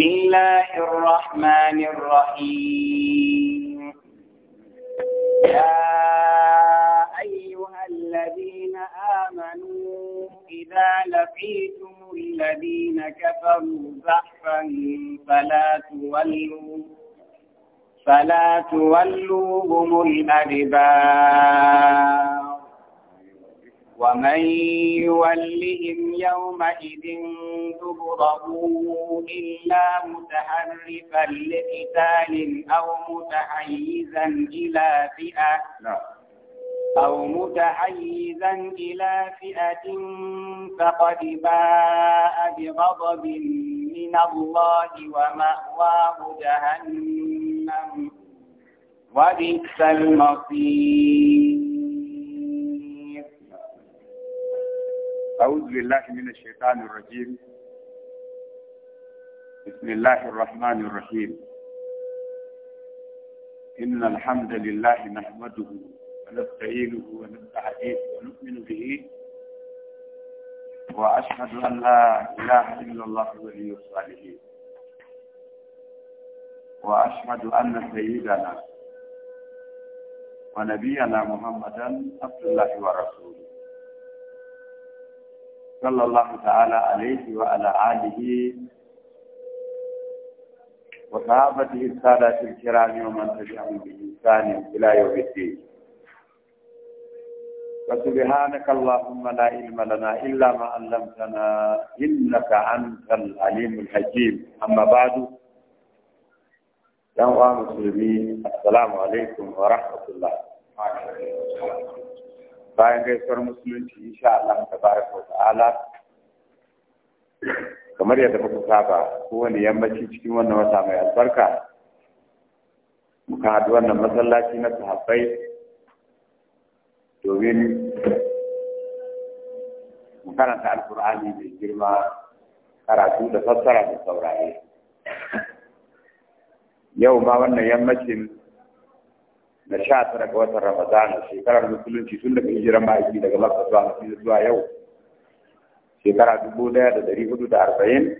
بسم الله الرحمن الرحيم يا أيها الذين آمنوا إذا لقيتم الذين كفروا زحفا فلا تولوا فلا تولوهم الأدبار ومن يولهم يومئذ دبره إلا متحرفا لقتال أو متحيزا إلى فئة نعم. أو متحيزا إلى فئة فقد باء بغضب من الله ومأواه جهنم وبئس المصير أعوذ بالله من الشيطان الرجيم بسم الله الرحمن الرحيم إن الحمد لله نحمده ونستعينه ونستعينه ونؤمن به وأشهد أن لا إله إلا الله ولي الصالحين وأشهد أن سيدنا ونبينا محمدا عبد الله ورسوله صلى الله تعالى عليه وعلى آله وصحابته السادة الكرام ومن تبعهم بإحسان إلى يوم الدين فسبحانك اللهم لا علم لنا إلا ما علمتنا إنك أنت العليم الحكيم أما بعد يا مسلمين السلام عليكم ورحمة الله bayan gaisuwar musulunci insha Allah baraka wa ta'ala kamar yadda muka saba kowane yammaci cikin wannan wata mai albarka muka haɗu wannan masallaci na sahabbai domin mu karanta alkur'ani mai girma karatu da fassara da saurare yau ma wannan yammacin na sha tara ga watan ramadana shekarar musulunci tun daga hijiran ma'aiki daga makka zuwa madina zuwa yau shekara dubu daya da dari hudu da arba'in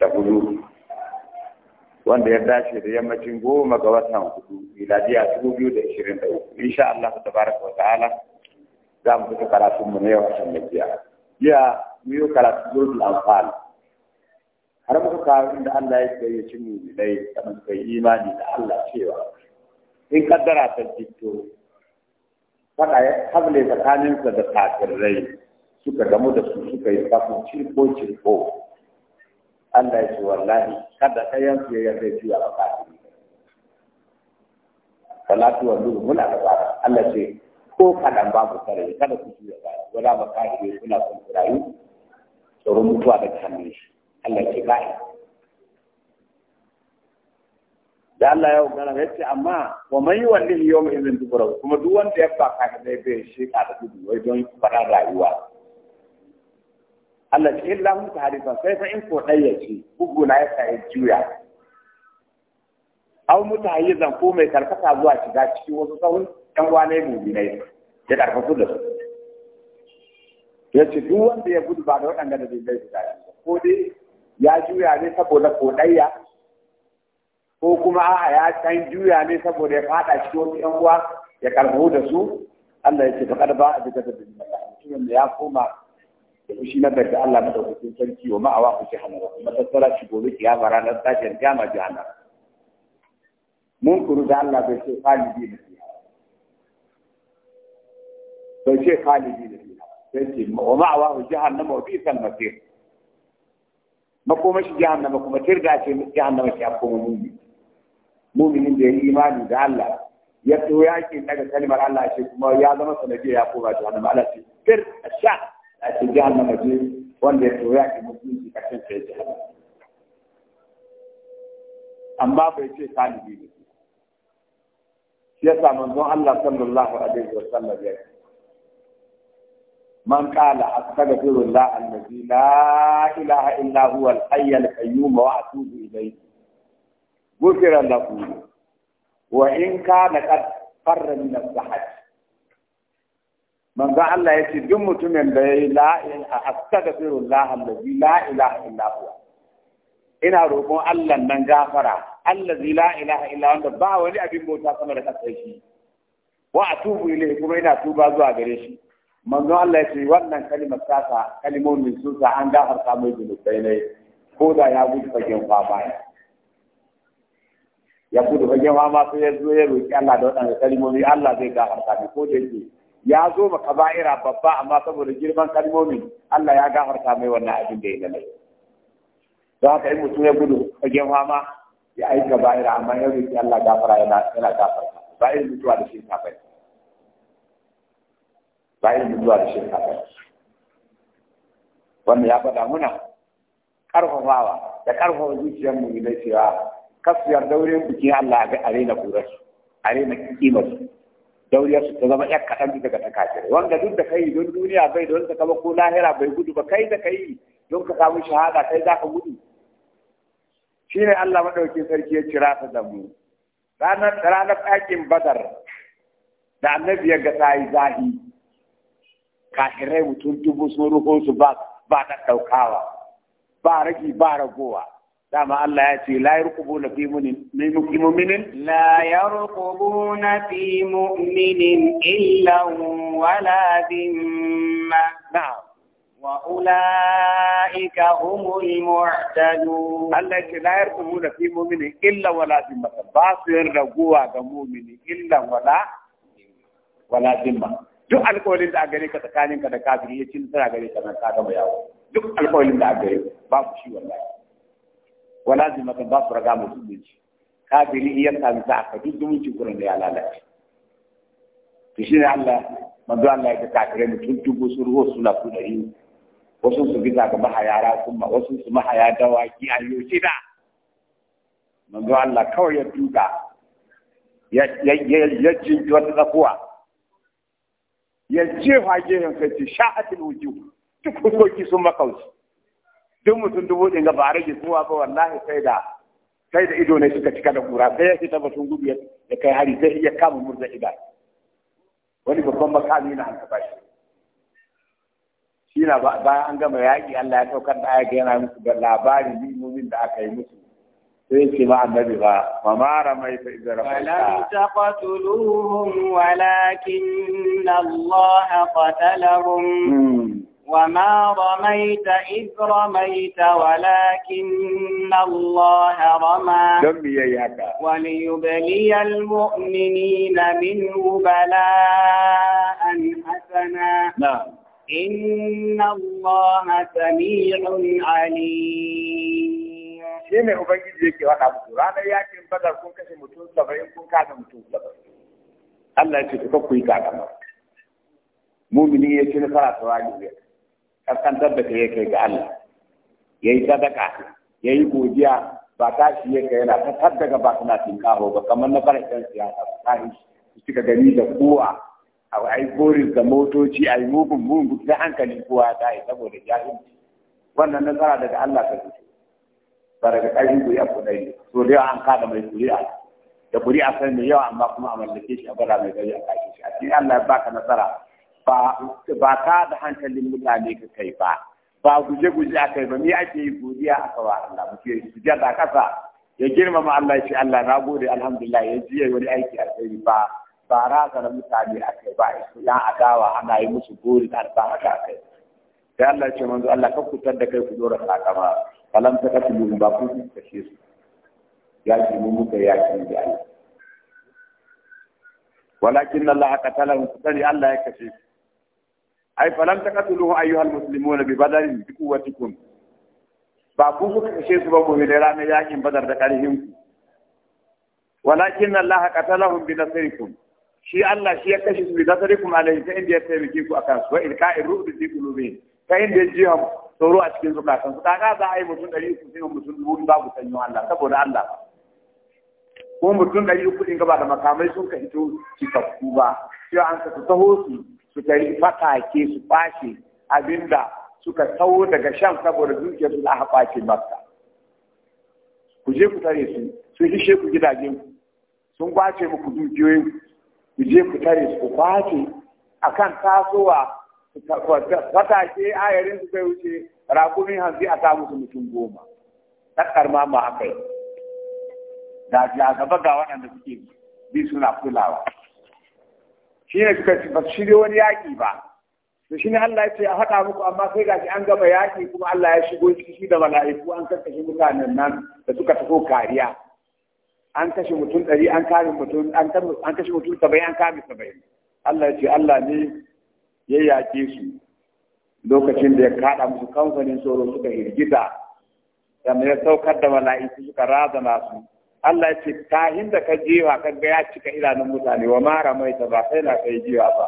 da hudu wanda ya dace da yammacin goma ga watan hudu miladiya dubu biyu da ishirin da uku insha Allah ta tabaraka wa ta'ala za mu fita karatun mu na yau a can biya jiya mu yi karatu zurul anfal har muka kawo inda Allah ya ce ya ci mu dai da muka yi imani da Allah cewa in kaddara ta jito faɗa ya hable sa da kafirai suka gamu da su suka yi kafin cirko cirko Allah ya ce wallahi kada ka yanzu ya yarda juya a kafiri salatu wa nuru muna da ba Allah ce ko kadan babu kare kada ku juya ba wala ba kafiri kuna son rayu tsoron mutuwa da hannun shi Allah ce ba'i da Allah ya gana ya ce amma wa wani yuwallihi yawma idhin dubura kuma duk wanda ya baka ka zai bai shi ka da gudu wai don fara rayuwa Allah ce illa mun ta harifa sai fa in ko dai ce bugu na ya sai juya yi zan ko mai karkata zuwa shiga cikin wasu sahun ɗan wane mu na ya su da su ya ce duk wanda ya gudu ba da waɗanda da zai bai su ko dai ya juya ne saboda ko kodayya ko kuma a ya can juya ne saboda ya fada cikin wasu ‘yan uwa ya karbo da su Allah ya ce ba kada ba a daga da bin mutumin da ya koma da fushi na daga Allah madaukakin sarki wa ma'awa ku ce hanara kuma tattara shi gobe kiyama ranar tashin kiyama jihana mun kuru da Allah bai ce khalidi da fiya bai ce khalidi da fiya sai ce wa ma'awa ku jahannama wa bi'sal masir makomashi jahannama kuma tirda ce jahannama ke akoma mummi muminin da ya yi imani da Allah ya to ya ke daga kalmar Allah ce kuma ya zama sanadiyya ya koma jahannama Allah ce fir sha a ce jahannama ce wanda ya to ya ke mutunci kashin sai jahannama amma bai ce talibi ne shi sa manzon Allah sallallahu alaihi wa sallam ya ce من قال أستغفر الله الذي لا إله إلا هو الحي القيوم وأتوب إليه غفر له وإن كان قد فر من الصحة من ذا الله يتي دم متمن لا أستغفر الله الذي لا إله إلا هو ina roƙon Allah nan gafara allazi la ilaha illa wanda ba wani abin bauta sama da kasar shi wa atubu ilayhi kuma ina tuba zuwa gare shi manzo Allah ya wannan kalimar sata kalimomin sun sa an gafarta mai zunubai ne ko da ya gudu fagen baya ya gudu fagen fama ma ya zo ya roƙi Allah da waɗanda kalmomi Allah zai gafarta mai ko da yake ya zo ma kaba'ira babba amma saboda girman kalmomi Allah ya gafarta mai wannan abin da ya lalai don haka in mutum ya gudu fagen ma ya aika kaba'ira amma ya roƙi Allah gafara yana gafarta ba irin mutuwa da shi bai ba irin mutuwa da shi kafai wannan ya faɗa muna ƙarfafawa da ƙarfafa zuciyarmu ne cewa kasu yarda wurin bikin Allah a raina kurarsu a kima su dauriyar su ta zama yar kaɗan bi daga ta wanda duk da kai don duniya bai don ta kama ko lahira bai gudu ba kai da kai don ka samu shahada kai za ka gudu shi ne Allah maɗaukin sarki ya cira ta da mu ranar ɗakin badar da annabi ya ga sai zahi kafirai mutum dubu sun ruho su ba ba ɗaukawa ba ragi ba ragowa dama Allah ya ce la na fi mu'minin la na fi mu'minin illa wala dimma na'am wa ulaika humul mu'tadun Allah ce la na fi mu'minin illa wala dimma ba su yin raguwa ga mu'mini illa wala wala dimma duk alƙawarin da a gare ka tsakaninka da kafiri ya ci nasara gare ka nan ka gama yawo duk alƙawarin da a gare babu shi wallahi wala zimata ba su raga musulunci kafiri iya sami sa aka duk zumunci gurin da ya lalace to shi ne Allah manzo Allah ya kafire mutum dubu su ruho suna su yi. wasu su maha yara sun rakuma wasu su mahaya dawaki a yau shida manzo Allah kawai ya duka ya ya ya jinji wata tsakuwa ya jefa gefen kai sha'atul wujuh duk hukoki sun makauci duk mutum dubu ɗin ga bare rage zuwa ba wallahi sai da sai da ido ne suka cika da kura sai ya fita sun gubi ya kai hari sai iya kama murza ida wani babban makami na hanta bashi shi na bayan an gama yaƙi Allah ya saukar da ayaka yana musu da labarin limomin da aka yi musu sai ce ma annabi ba ma mara mai ta ba taqatuluhum walakin Allah qatalahum hmm. وما رميت إذ رميت ولكن الله رمى وليبلي المؤمنين منه بلاء حسنا إن الله سميع عليم shi ne Ubangiji yake wada muku ranar yakin badar kun kashe mutum saba'in kun kada mutum saba. Allah ya ce ku yi kakama mumini ya ce na fara tawali ne kaskantar da kai kai ga Allah yayi sadaka yayi godiya ba ta shi yake yana ta tattaga ba suna kaho ba kamar na farashin siyasa ba ta shi suka gani da kowa a ai boris da motoci ai mugun mugun da hankali kowa ta yi saboda jahilci wannan nasara daga Allah ta fito ba daga ƙarfin ku ya kudai so da yawa an kada mai kuri'a da kuri'a sai mai yawa amma kuma a mallake shi a bara mai gari a kashe shi a cikin Allah ya baka nasara ba ka da hankalin mutane ka kai ba ba guje-guje a kai ba me ake yi godiya a kawa Allah mutum ya da kasa ya girmama Allah ya ce Allah na gode alhamdulillah ya jiya wani aiki kai ba ba ra na mutane a kai ba a adawa ana yi musu gori da albarka a kai sai Allah ya ce manzo Allah ka kutar da kai ku dora sakama falam ta katulu ba ku kashe su ya ji mu muka ya ji Allah walakin Allah ka talahu sani Allah ya kashe su ai falam taqatuluhu ayyuhal muslimuna bi badarin bi quwwatikum ba ku ku kashe su ba gobe da ne yakin badar da karhin ku walakin Allah qatalahum bi nasrikum shi Allah shi ya kashe su bi nasrikum alayhi ta inda ya taimake ku akan su wa ilka'ir ru'bi bi qulubihim ta inda ji ha tsoro a cikin zukatan su kaga za a yi mutum ɗari uku sai mutum dubu babu sanyo Allah saboda Allah ko mutum ɗari uku ga ba da makamai sun ka hito cikakku ba sai an ka taho su su tari fatake su fashe abinda suka tsawo daga shan saboda duke su da aka kwace makka ku je ku tare su sun hishe ku gidajen sun kwace muku dukiyoyin ku je ku tare su ku kwace kan tasowa fatake ayarin su kai wuce rakumin hanzi a samu su mutum goma takkar ma ma haka yi da gaba ga waɗanda suke bi suna kulawa shi ne suka ba su shirya wani yaƙi ba to shi ne Allah ya ce a haɗa muku amma sai ga an gama yaƙi kuma Allah ya shigo ciki da mala'iku an kashe mutanen nan da suka tafi kariya an kashe mutum ɗari an kame mutum an kashe mutum saba'in an kame saba'in Allah ya ce Allah ne ya yaƙe su lokacin da ya kaɗa musu kamfanin tsoro suka hirgita da ya saukar da mala'iku suka razana su Allah ce ta da ka jewa ka ga ya cika idanun mutane wa ma ramaita ba sai na kai jewa ba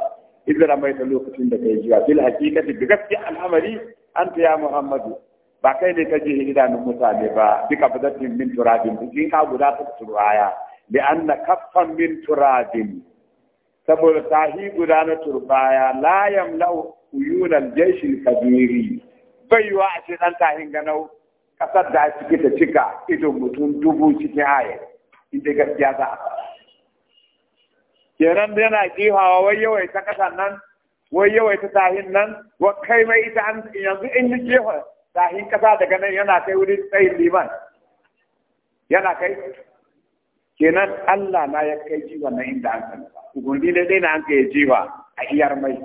idan ramaita lokacin da kai jewa. bil hakikati, bi gaskiya al'amari anta ya muhammadu ba kai ne ka je idanun mutane ba bi ka fadatin min turabin in ka guda ta turaya bi anna kaffan min turabin saboda tahi guda na turbaya la yamlau uyunal jayshil kabiri wa a ce dan tahin ganau kasar da cike ta cika idon mutum dubu cikin haya inda gaskiya za a kenan yana kihawa wai yawai ta kasan nan wai yawai ta tahin nan wa kai mai ita yanzu in ji kihon tahin kasa daga nan yana kai wuri tsayin liman yana kai kenan Allah na ya kai jiwa na inda an sani ba ugundi ne dai na an kai jiwa a iyar mai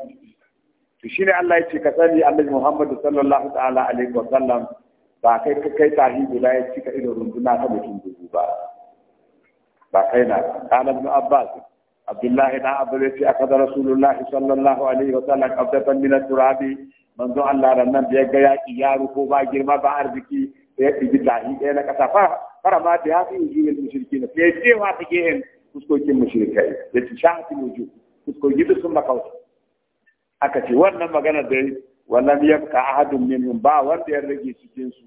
to shine Allah ya ce ka sani Allah Muhammad sallallahu ta'ala alaihi wa sallam ba kai ka kai tahi guda ya cika ido runduna ta mutum dubu ba ba kai na kana ibn abbas abdullah na abu ya ce aka da rasulullahi sallallahu alaihi wa sallam abdatan min turabi manzo Allah ran nan da ya ga yaki yaro ko ba girma ba arziki ya ɗigi tahi ɗaya na kasa fara fara ma da ya yi wujuhul mushrikin sai ce wa ta kusko kin mushrikai da ci shahati wujuh fuskoki duk sun makauta aka ce wannan magana dai wannan yabka ahadun min ba wanda ya rage cikin su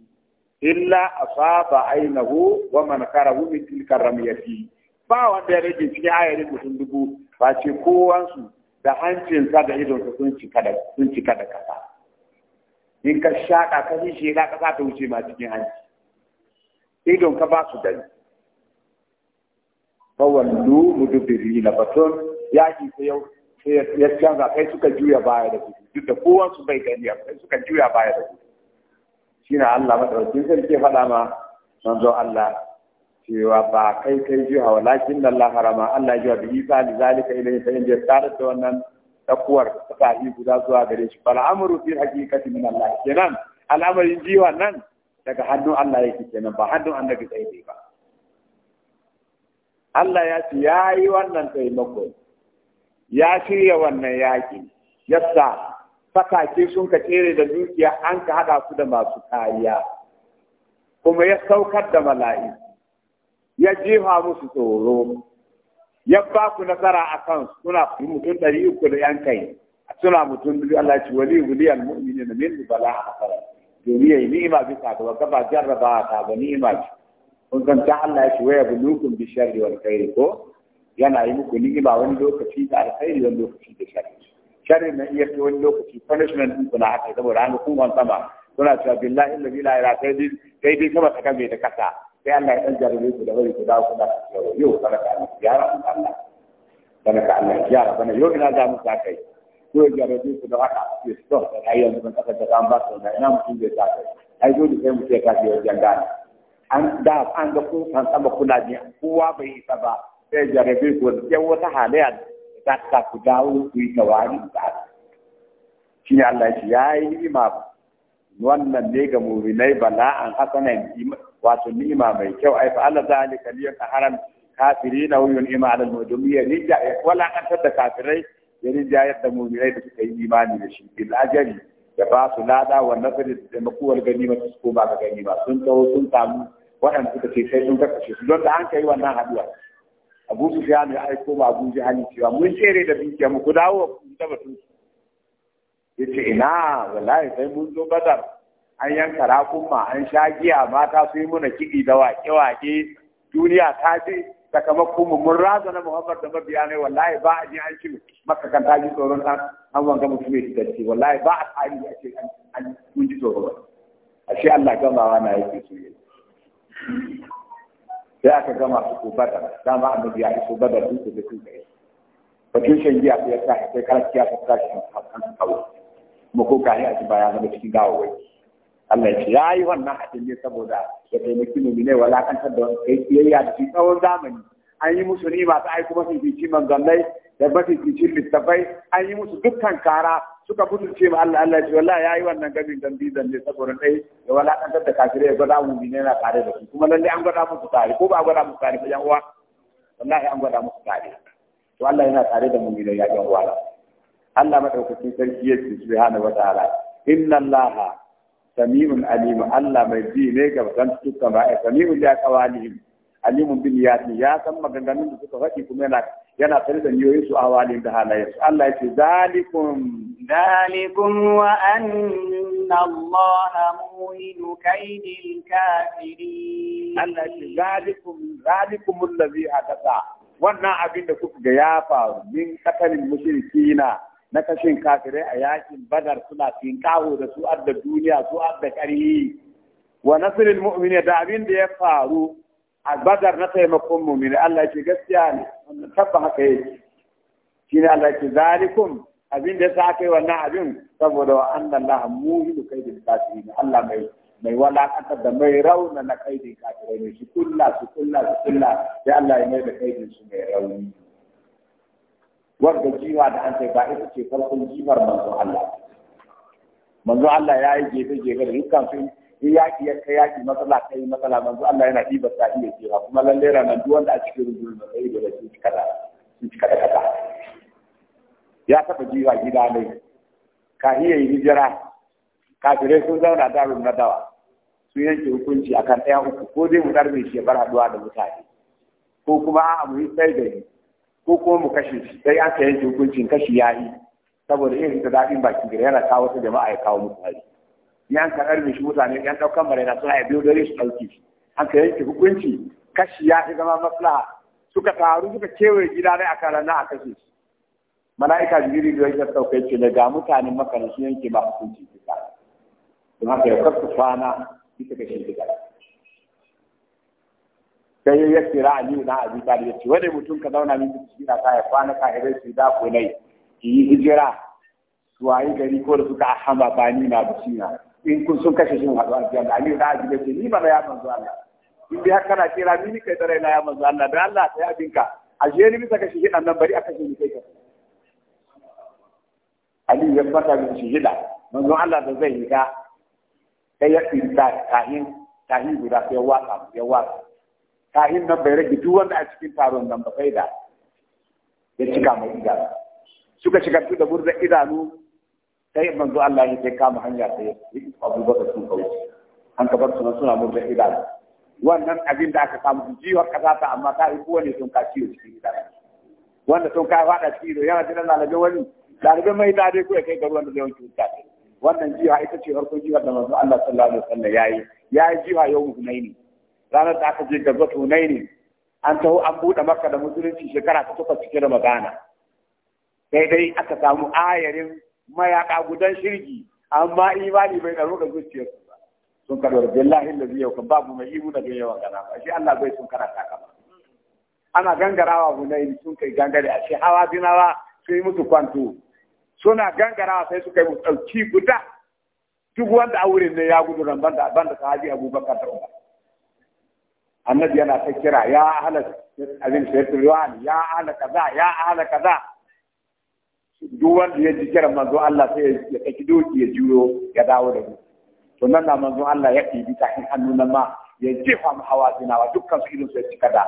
illa asaba ainahu wa man karahu min tilka ramyati ba wanda ya rage cikin da mutum dubu ba ce kowansu da hancinsa da idonsa sun cika da sun cika da kasa in ka shaƙa ka yi shi da kasa ta wuce ma cikin hanci idon ka ba su da ba dani fawallu mudubiri na baton yaki sai yau sai ya canza kai suka juya baya da gudu duk da kowansu bai gani sai suka juya baya da gudu shine Allah madaukakin sarki faɗa ma manzo Allah cewa ba kai kai jiha walakin Allah harama Allah jiha bi isa li zalika ilai yi inda tsara da wannan takuwar tsahi guda zuwa gare shi fal amru fi haqiqati min Allah kenan al'amarin jiwa nan daga hannun Allah yake kenan ba hannun annabi sai dai ba Allah ya ce ya yi wannan taimako ya shirya wannan yaƙi yadda fakake sun ka tsere da dukiya an ka hada su da masu kariya kuma ya saukar da mala'i ya jefa musu tsoro ya ba ku nasara a kan suna mutum ɗari uku da yan kai suna mutum biyu Allah ci wali wuli al-mu'mini na min bala a kara domin yayi ni'ima bisa ga baka ba jarraba ta ba ni'ima ci kun san ta Allah ya ci waya bulukun bi sharri wal khairi ko yana yi muku ni'ima wani lokaci da alkhairi wani lokaci da sharri sharri na iya fi wani lokaci punishment din kuna haka saboda an kun wan sama kuna cewa billahi allazi la ilaha sai dai kai dai kama ta kame da kasa sai Allah ya dan jarabe ku da wani ku dawo kuna cewa yau kana ka Allah Allah kana ka Allah ya bana yau ina da kai ko ya jarabe ku da haka ya stop da ai yanzu ban da kan ba to na ina mutum zai ta kai ai dole sai mu ce ka ce wajen an da an ga kun san sama kuna ne kowa bai isa ba sai jarabe ku da wata halayya sadaka ku dawo ku yi tawari da shi ne Allah shi ya yi ni'ima wannan ne ga mu'minai bala'an hasanan wato ni'ima mai kyau ai fa Allah zalika liyan haram kafirina wa yun'ima ala al ya ni ya wala an da kafirai ya rinjayar da mu'minai da suka yi imani da shi bil ajali ya ba su lada wa nasari da makuwar gani ba su koma ga gani ba sun tawo sun samu waɗanda suka ce sai sun kakashe su don da an kai wannan haɗuwa abu su ya mai aiko ma abu hali cewa mun tsere da dukiya mu ku dawo ku ta batun ya ce ina wallahi sai mun zo badar an yanka rakunma an sha giya mata su yi muna kiɗi da wake-wake duniya ta ce sakamakon mu mun na muhammad da mabiya ne wallahi ba a ji an ci maka kan ta ji tsoron an an wanga mutum ya tsaci wallahi ba a tsari a ce an ji tsoron a shi Allah gamawa na yake so sai aka gama su ko badar dama annabi ya iso bada duk da duk da batun shan giya sai ya tashi sai kiya ta tashi kan kawo mu ko kai a cikin bayan da cikin wai Allah ya ce ya yi wannan hadin ne saboda ya taimaki mu ne walakantar da kai kiyayya da cikin tsawon zamani an yi musu ni masu aiko masu fici manzannai da bafi littafai an yi musu dukkan kara suka mutunce ma Allah Allah ce wallahi yayi wannan gabin dan bizan ne saboda dai da walakantar da kafire ya gwada mu ne na tare da su kuma lalle an gwada musu tare ko ba gwada musu tare ba yan uwa wallahi an gwada musu tare to Allah yana tare da mu ne ya yan uwa Allah madaukakin sarki ya ce subhanahu wa ta'ala inna Allah sami'un alim Allah mai ji ne ga san dukkan ba'a sami'un ya qawalihim alimun bin yasi ya san maganganun da suka faɗi kuma yana yana tare da niyoyin su a walin da halayen su Allah ya ce zalikum zalikum wa anna Allah muhinu kaidil kafirin Allah ya ce zalikum zalikum allazi hadatha wannan abin da kuka ga ya faru min katalin mushrikina na kashin kafirai a yakin badar suna kawo da su adda duniya su adda ƙarhi wa nasirin mu'mini da abin da ya faru albadar na taimakon mu mumini Allah ce gaskiya ne wannan tabba haka yake shine Allah ce zalikum abin da yasa kai wannan abin saboda wa annallaha muhidu kaidin kafirin Allah mai mai walakantar da mai rauna na kaidin kafirin ne su kulla su kulla su kulla sai Allah ya mai da kaidin su mai rauni wanda jiwa da an sai ba ita ce farkon jibar manzo Allah manzo Allah ya yi gefe gefe da dukkan su in yaƙi ya kai yaƙi matsala yi matsala manzo Allah yana ɗibar ta iya cewa kuma lallai nan duk wanda a cikin rundunar matsayi da sun cika da sun cika da kasa ya taɓa jiwa gida ne ka iya yi hijira kafirai sun zauna darun na dawa sun yanke hukunci a kan ɗaya uku ko dai mu ɗarme shi ya bar haɗuwa da mutane ko kuma a'a mu yi sai da ni ko kuma mu kashe shi sai aka yanke hukuncin kashi ya yi saboda irin ta daɗin baki gida yana kawo ta jama'a ya kawo mutane. hari yan karar ɗarbe shi mutane yan ɗaukan maraina suna ya biyo dare su ɗauki an ka yanke hukunci kashi ya fi zama matsala. suka taru suka kewaye gida ne a karan a kashe shi mala'ika jibril da yake saukai ce daga mutanen makarin sun yanke ba hukunci kisa don haka ya kafa kwana bisa ga shi kisa sai ya kira aliyu na abi talib ya ce wani mutum ka zauna min cikin ka ya kwana ka hirai su da ku nai ki yi hijira su yi gari ko da suka hama ba ni na bishina in kun sun kashe shin hadu aljanna ali da ajibe ce ni ba da ya manzo Allah in dai haka na kira ni ni kai da raina ya manzo Allah da Allah sai abinka aje ni bisa kashe shi nan bari aka shi ni kai ka ali ya fata min shi hida manzo Allah da zai hida sai ya tsinta kahin kahin guda sai wata ya wata. kahin nan bai rage duk wanda a cikin taron nan ba sai ya cika mai idanu suka shiga da burda idanu sai manzo Allah ya ce kama hanya abu abubakar sun kauce an ka bar suna suna mun da idan wannan abin da aka samu jiwa kaza ta amma ta yi kowane sun ka ciwo cikin gida wanda sun kai fada da yana jiran lalabe wani lalabe mai da ko ya kai garuwan da zai wanke wuta wannan jiwa ita ce farko jiwa da manzo Allah sallallahu alaihi wasallam yayi yayi jiwa yau hunaini ranar da aka je gazwat hunaini an taho an buɗe makka da musulunci shekara ta takwas cikin ramadana sai dai aka samu ayarin mayaka gudan shirgi amma imani bai karo da zuciyarsu ba sun karbar billahi allazi yau kan babu mai ibu da yawa kana ba shi Allah bai sun karanta ka ba ana gangarawa yi sun kai gangare a shi hawa dinawa sai yi musu kwanto suna gangarawa sai suka yi musu ɗauki guda duk wanda a wurin ne ya gudu ran banda banda sahabi abubakar da umar annabi yana ta kira ya ahala abin shaytan ya ahala kaza ya ahala kaza duk wanda ya ji kiran manzo Allah sai ya ɗauki doki ya juyo ya dawo da mu to nan na manzo Allah ya ɗibi kafin hannu na ma ya jefa mu hawa zinawa dukkan su idan su ya cika da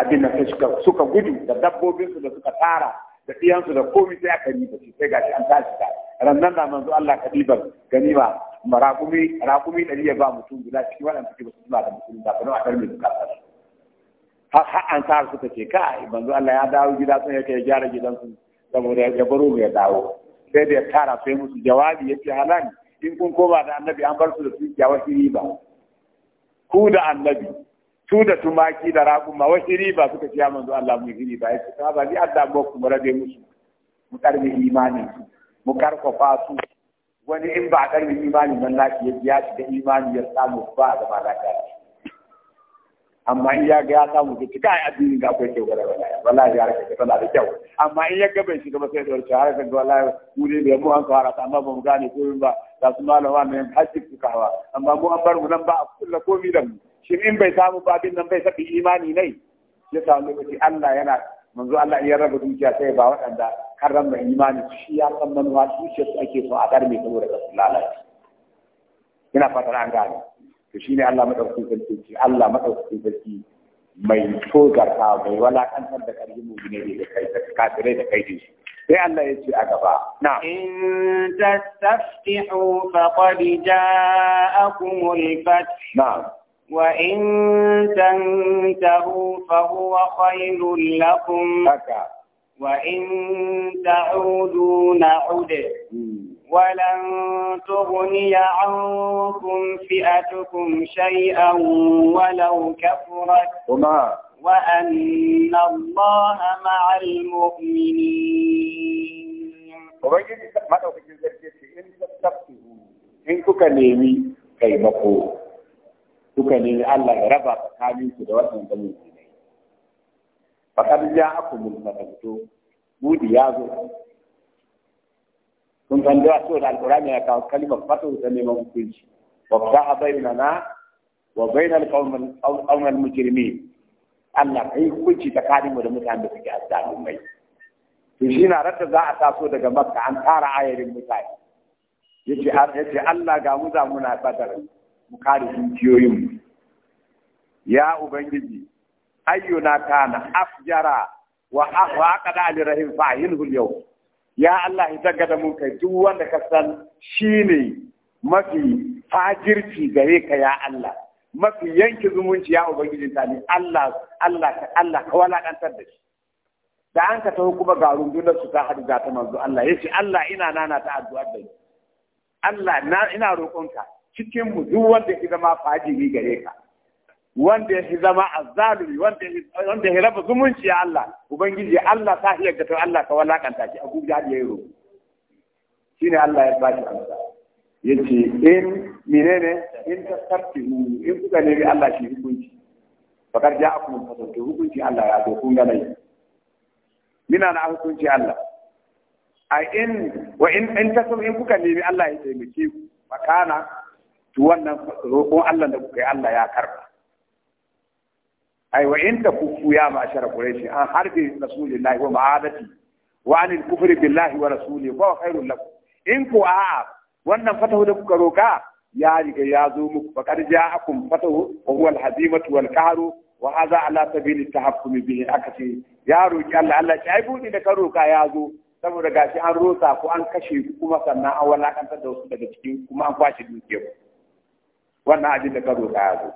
abin da suka suka gudu da dabbobinsu da suka tara da su da komai sai aka yi bace sai gashi an tashi ta nan na manzo Allah ka gani ba marakumi rakumi ɗari ya ba mutum guda cikin ba suke basu da mutum da ba don a ɗarme su kasa har an sa suka ce kai manzo Allah ya dawo gida sun yake ya gyara gidansu saboda ya baro ya dawo sai da ya tara sai musu jawabi ya ce halan in kun koma da annabi an bar su da su ya wasu riba ku da annabi su da tumaki da raƙuma wasu riba suka ciya manzo Allah mu yi riba ya ce ta ba ni Allah ba ku rabe musu mu karbi imanin su mu karfafa su wani in ba a karbi imanin nan lafiya ya ci da imani ya samu ba a zama lafiya amma in ya ga ya samu ke cika addinin ga akwai kyau gara Wala wallahi ya raka tana da kyau amma in ya ga bai shiga ba sai da wuce har kan wallahi mu ne da mu an fara amma ba mu gane ko ba da su malama ne har shi ku kawa amma mu an bar mu nan ba a kulla komi da mu shi in bai samu ba nan bai saki imani ne ya samu lokaci Allah yana manzo Allah in ya raba dukiya sai ba wadanda karan mai imani shi ya san manuwa shi ake so a karme saboda rasulullah ina fatan an gane to ne Allah madaukakin sarki ce Allah madaukakin sarki mai togarta mai walakantar da ƙarfin mu'mini da kai da kafirai da kai shi sai Allah ya ce a gaba na in tastaftihu faqad ja'akumul fath na wa in tantahu fa huwa khairul lakum haka wa in ta'udu na'ud hmm. ولن تغني عنكم فئتكم شيئا ولو كفرت وما وأن الله مع المؤمنين in kuka nemi taimako kuka nemi Allah ya raba tsakanin da wannan da mutane fa kan ja aku mun fa tabto yazo kun san da so da alƙur'ani ya kawo kalmar fatu ta neman hukunci wa fa'a na, wa bainal qawmin qawmin mujrimin Allah kai hukunci mu da mutanen da suke mai to shi na rata za a taso daga makka an tara ayarin mutane yace yace Allah ga mu za mu na badar mu kare dukiyoyin mu ya ubangiji ayyuna kana afjara wa aka qada alirahim fa'ilhu al ya Allah ya da mun kai duk wanda ka san shi ne mafi fajirci gare ka ya Allah mafi yanke zumunci ya ubangijin ta ne Allah Allah ka Allah ka walakantar da shi da an ka taho kuma ga rundunar su ta hadu ga ta manzo Allah yace Allah ina nana ta addu'a da Allah na ina roƙonka cikin mu duk wanda ki zama fajiri gare ka wanda ya zama azzalumi wanda ya raba zumunci ya Allah ubangiji Allah ta iya gatar Allah ka walakanta shi a gudu ya yi shi ne Allah ya bashi amsa Ya ce in menene in ta mu in kuka ne Allah shi hukunci bakar ja akum fasaltu hukunci Allah ya zo kun ganai mina na hukunci Allah a in wa in in sun in kuka ne Allah ya taimake ku makana to wannan roƙon Allah da kuka yi Allah ya karba ai wa in takufu ya ma'ashara quraish an harbi rasulillahi wa ma'adati wa anil kufri billahi wa rasulihi fa khairul lakum in ku a wannan fatahu da kuka roka ya riga ya zo muku faqad ja'akum fatahu wa huwa al-hazimatu wal qahru wa hadha ala sabili tahakkumi bihi akati ya roki Allah Allah ki ai bude da ka roka ya zo saboda gashi an rosa ko an kashe ku kuma sannan an walakantar da wasu daga cikin kuma an kwashe dukiyar wannan abin da ka roka ya zo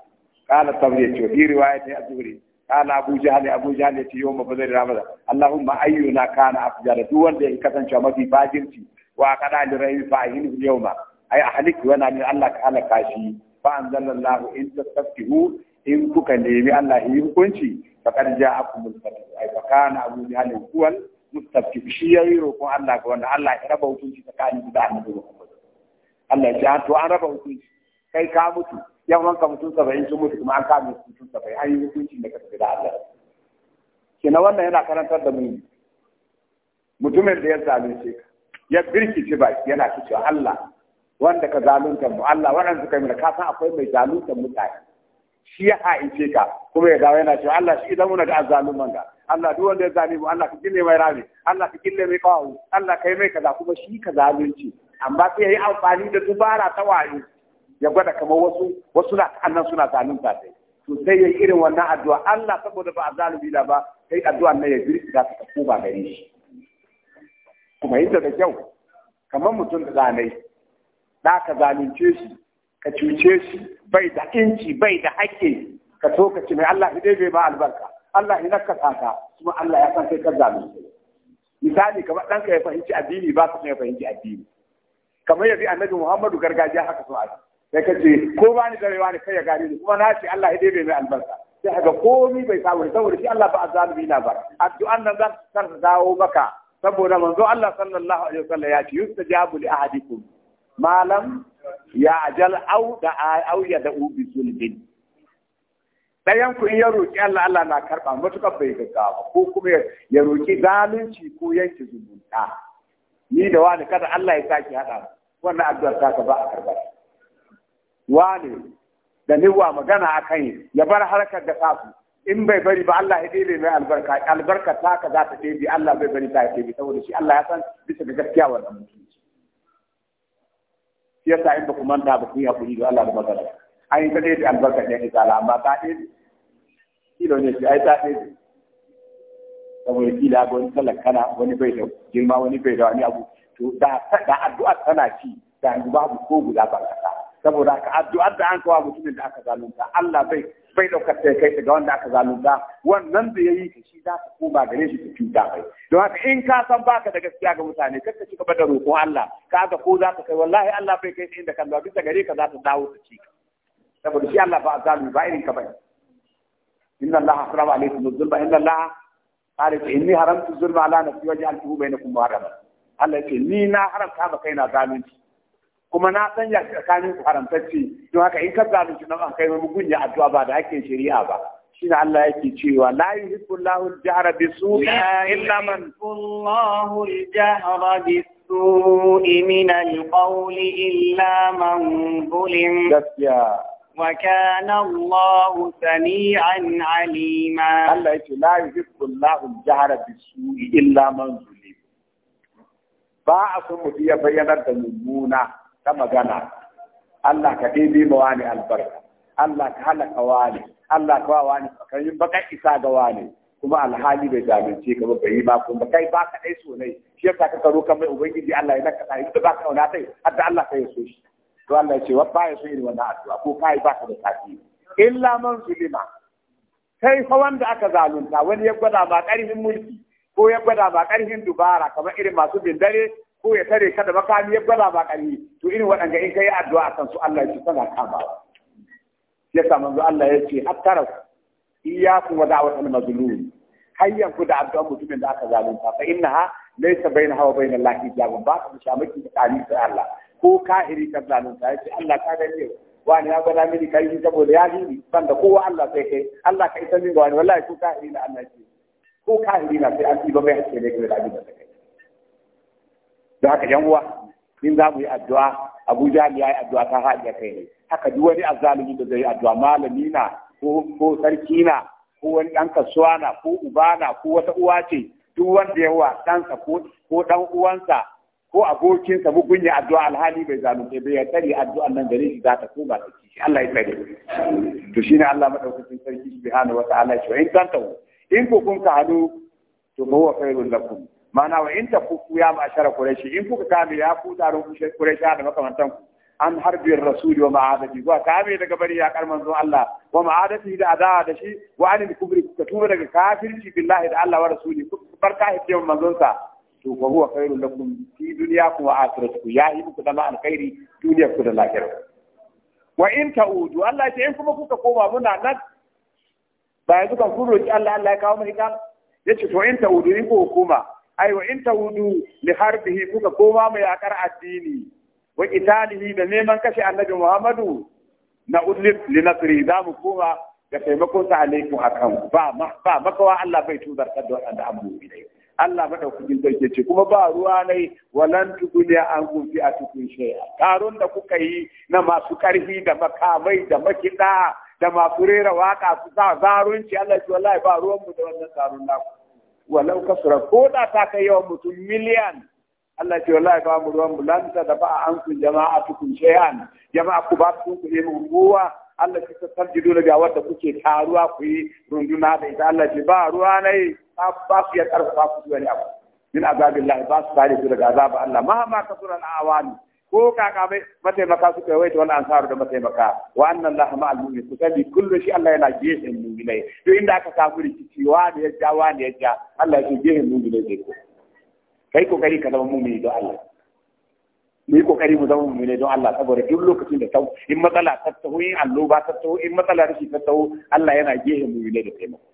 قال الطبري في رواية الزهري قال أبو جهل أبو جهل يوم بدر رمضان اللهم أينا كان أفجر دول دين كتن شمتي فاجرتي وأقد على رأي فاهين اليوم أي أحلك وانا من الله كان كاشي فأنزل الله إن تستفتحوا إن كنت نيمي الله يمكنشي فقد جاءكم الفتح أي فكان أبو جهل هو المستفتح شيء يروكم الله وانا الله يربى وتنشي فكان يبدأ النبي الله جاءت وانا to an كي كامتو yan wanka mutum saba'in sun mutu kuma an kame mutum saba'in an yi hukunci da kasa da Allah na wannan yana karantar da mu mutumin da ya zalunce ka ya birkice baki yana ta cewa Allah wanda ka zalunta mu Allah waɗanda suka yi ka san akwai mai zalunta mutane shi ya haice ka kuma ya dawo yana cewa Allah shi idan muna da zalun manga. Allah duk wanda ya zalimi Allah ka kille mai rami Allah ka kille mai kawo Allah kai mai kaza kuma shi ka zalunci amma sai yayi amfani da dubara ta wayo ya gwada kamar wasu wasu na annan suna ta dai to sai ya irin wannan addu'a Allah saboda ba a da ba sai addu'a nan ya jiri da ta kuma gare shi kuma yadda da kyau kamar mutum da zanai da ka zalunce shi ka cuce shi bai da inci bai da hakki ka so ka ci mai Allah dai bai ba albarka Allah ya nakasa ka kuma Allah ya san kai ka zalunce misali kamar ɗanka ya fahimci addini ba ka ya fahimci addini kamar yabi annabi Muhammadu gargajiya haka so a sai ka ce ko ba ni garewa ne kai ya gare ni kuma na ce Allah ya dai mai albarka sai haka komi bai samu saboda shi Allah ba azalimi na ba. addu'an nan za ta dawo maka saboda manzo Allah sallallahu alaihi wasallam ya ce yustajabu li ahadikum malam ya ajal au da au ya da ubi zulbin dayan ku in ya roki Allah Allah na karba mutukar bai gaggawa ko kuma ya roki zalunci ko yanke zumunta ni da wani kada Allah ya saki hada wannan addu'ar ta ba a karba wane da niwa magana a kan ya bar harkar da kasu in bai bari ba Allah ya dele mai albarka albarka ta ka za ta ɗebe Allah bai bari ta ɗebe saboda shi Allah ya san bisa ga gaskiya wannan mutunci shi yasa in ba ku manta ba ku yi hakuri da Allah da magana an yi ta da albarka ne ta tsala amma ta ɗebe kilo ne shi ai ta ɗebe saboda kila ga wani talakana wani bai da girma wani bai da wani abu to da addu'a tana ci da yanzu babu ko guda barkata saboda haka addu'ar da an kawo mutumin da aka zalunta Allah bai bai daukar ta kai ga wanda aka zalunta wannan da yayi ka shi za ka koma gare shi ka cuta mai don haka in ka san baka da gaskiya ga mutane kar ka ci gaba da roƙon Allah ka ga ko za ka kai wallahi Allah bai kai inda kan bisa gare ka za ta dawo ta ci saboda shi Allah ba zalimi ba irin ka bai inna Allah harama alaikum zulma inna Allah qala inni haramtu zulma ala nafsi waj'altuhu bainakum muharrama Allah ya ce ni na haramta ba kaina zalunci kuma na sanya shi tsakanin haramtacce don haka in ka shi nan an kai mugun ya addu'a ba da ake shari'a ba shine Allah yake cewa la yuhibbu Allahu al-jahra bisu'i illa man Allahu al-jahra bisu'i min al-qawli illa man zulim gaskiya Wa وكان الله سميعا عليما الله يقول لا يحب الله الجهر بالسوء الا man ظلم ba a son mu ya bayyanar da mummuna ta magana Allah ka ɗebe ma wani albarka Allah ka halaka wani Allah ka wani ka yi baka isa ga wani kuma alhali bai zalunce ka ba bai yi ba kuma kai ba ka dai so ne shi yasa ka karo kan mai ubangiji Allah ya naka sai da ba ka wani kai har da Allah ya so shi to Allah ya ce wa ba ya so irin wannan addu'a ko kai ba ka da kafi illa man zulima kai fa wanda aka zalunta wani ya gwada ba karfin mulki ko ya gwada ba karfin dubara kamar irin masu bindare, ko ya tare ka da makami ya gwada ba karfi to irin waɗanda in kai addu'a akan su Allah ya tana kamawa ya samu zuwa Allah ya ce hattara iyyakum wa da'wat al-mazlum hayyan ku da addu'a mutumin da aka zalunta fa bai laysa hawa bai na lahi hijabun ba ka mushamaki da tsari sai Allah ko kahiri ka zalunta ya ce Allah ka gane wani ya gwada mini kai shi saboda ya yi ban da kowa Allah sai kai Allah ka isa min ga wani wallahi ko kahiri na Allah ce ko kahiri na sai an ba mai hakki ne ga da abin da kai da haka yan uwa in za mu yi addu'a abuja ne ya yi addu'a ta haɗiya kai ne haka duk wani azzalumi da zai yi addu'a malami na ko sarki na ko wani ɗan kasuwa na ko uba na ko wata uwa ce duk wanda ya wa ɗansa ko ɗan uwansa ko abokinsa mugun ya addu'a alhali bai zalunce bai ya tsare addu'an nan gare shi za ta koma ta ci Allah ya tsare to ne Allah madaukakin sarki subhanahu wa ta'ala shi in tantahu in ku kun ka hadu to huwa khairul lakum ma'ana wa in takuku ya ma'ashara quraishi in kuka kame ya ku taron quraishi da makamantan ku an harbin rasuli wa ma'adati wa kame daga bari ya karman zo Allah wa ma'adati da adawa da shi wa anil kubri ka tuba daga kafirci billahi da Allah wa rasuli bar kafirci wa manzonsa to fa huwa khairul lakum fi dunyakum wa akhiratikum ya yi ku zama alkhairi duniyar ku da lahira wa in ta'udu Allah ce in kuma kuka koma muna nan ba yanzu kan kun roki Allah Allah ya kawo mu hikam yace to in ta'udu in ko hukuma ai wa in tawudu li harbihi kuka koma mai yakar addini wa italihi da neman kashe annabi Muhammadu na ulif li nasri za mu koma da taimakon sa alaikum akan ba ba makawa Allah bai tudar da wanda amu dai Allah jin sarki ce kuma ba ruwa ne walan tudiya an fi a tukun shaya karon da kuka yi na masu karfi da makamai da makida da masu rera waka su sa zarunci Allah ya wallahi ba ruwan mu da wannan karon naku walau kasura ko da ta kai yawan mutum miliyan Allah ce wallahi ba mu ruwan bulanta da ba an kun jama'a tukun shay'an jama'a ku ba su ku yi ruwa Allah ce ta dole ga wanda kuke taruwa ku yi runduna da ita Allah ce ba ruwa nai ba su ya karfafa ku wani abu min azabillahi ba su tare su daga azaba Allah ma ma kasuran awani ko kaka bai mataimaka suka yi waita wani ansaru da mataimaka wa annan Allah hama al-mu'min su sani kullu shi Allah yana gefen mu'minai to inda aka samu rikici wa ne ya ja wa ne ya ja Allah yake gefen mu'minai dai ko kai kokari ka zama mu'mini don Allah mu yi kokari mu zama mu'mini don Allah saboda duk lokacin da tau in matsala ta taho in alloba ta taho in matsala rashi ta taho Allah yana gefen mu'minai da taimako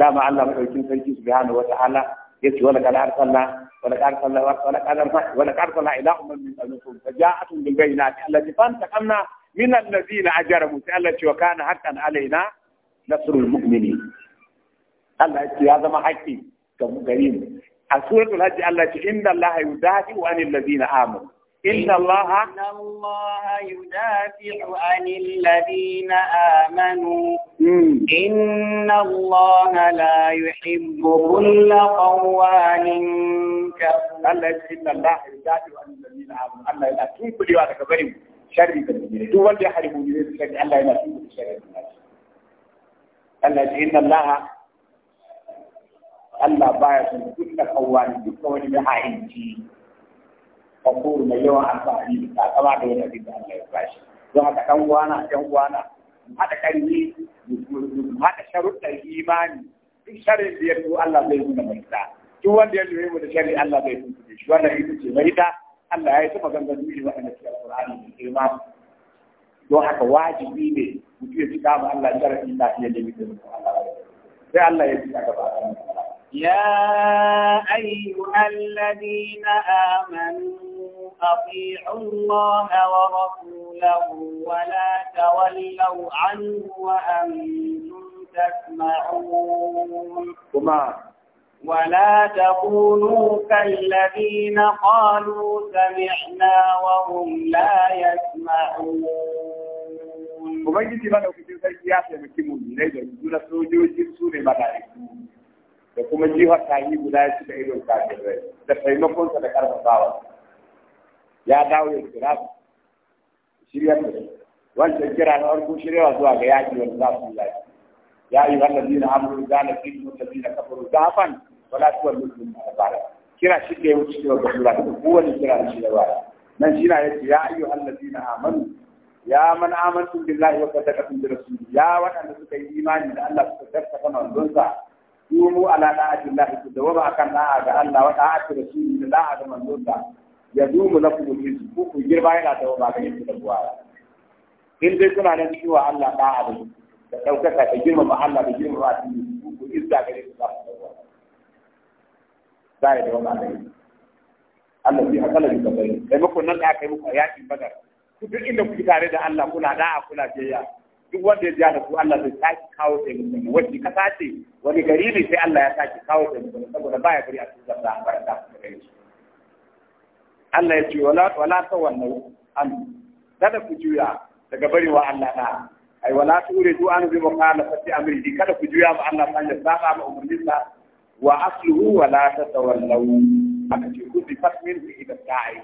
dama Allah madaukin sarki subhanahu wata'ala يتي ولقد أرسلنا ولقد أرسلنا ولقد أرسلنا ولقد أرسلنا إلى أمم من قبلكم فجاءتهم بالبينات التي فانتقمنا من الذين أجرموا التي وكان حقا علينا نصر المؤمنين الله يتي هذا ما حكي كريم سورة الحج الله إن الله يدافع عن الذين آمنوا إن الله إن الله يدافع عن الذين آمنوا إن الله لا يحب كل قوان كفر الله إن الله يدافع عن الذين آمنوا الله يدافع كل واحد كبرهم شر كبير تو ولا يحرموا من شر الله يدافع كل شر الله إن الله الله بايع كل قوان كفور بهاي الجيل kafur mai yawan amfani da takama da wani abin da Allah ya bashi don haka kan uwana kan uwana mu haɗa ƙarfi mu haɗa sharuɗan imani duk sharin da ya zo Allah zai nuna mahita duk wanda ya lura da shari Allah zai da shi wannan ita ce mahita Allah ya yi ta maganganu ne waɗanda ke Alƙur'ani da girma don haka wajibi ne mutum ya cika ma Allah sharafin lafiya da mutum Allah sai Allah ya cika gaba يا أيها الذين آمنوا أطيعوا الله ورسوله ولا تولوا عنه وأنتم تسمعون ولا تكونوا كالذين قالوا سمعنا وهم لا يسمعون da kuma jihar ta yi guda su da irin kafin rai da taimakonsa da karfafawa ya dawo ya kira su shirya da wancan kira na farko shirya zuwa ga yaƙi wanda za su yi ya yi wannan dina amuru gane fi mutabi na kafaru zafan wala tuwar mutum na bara kira shi da ya wuce cewa ga sura da kowane kira shi da bara nan shi na yace ya ayyu allazina amanu ya man amantu billahi wa sadaqatu bi rasulih ya wadanda suka yi imani da Allah suka gaskata manzonsa kumu ala da'ati Allah ku dawama akan da'a ga Allah wata wa da'ati rasulih da da'a ga manzonsa ya dumu na kuma yi ko ku girma yana da ba ga yin da buwa in dai kuna nan cewa wa Allah da abu da daukaka da girmama Allah da girmama addini ku ku izza gare ku da buwa sai da wannan ne Allah bi hakala bi kabai kai muku nan da aka yi muku yakin badar ku duk inda kuke tare da Allah kuna da'a kula biyayya duk wanda ya ji da ku Allah zai saki kawo da mutum wani ka sace wani gari ne sai Allah ya saki kawo da mutum saboda baya gari a cikin da barka da kai Allah ya ce wala wala ta wannan an kada ku juya daga Allah da ai wala ture du an bi mukhalafati amri kada ku juya ba Allah ta ya saba ma umurninsa wa asluhu wala aka ce ku bi fatmin bi ida ta'i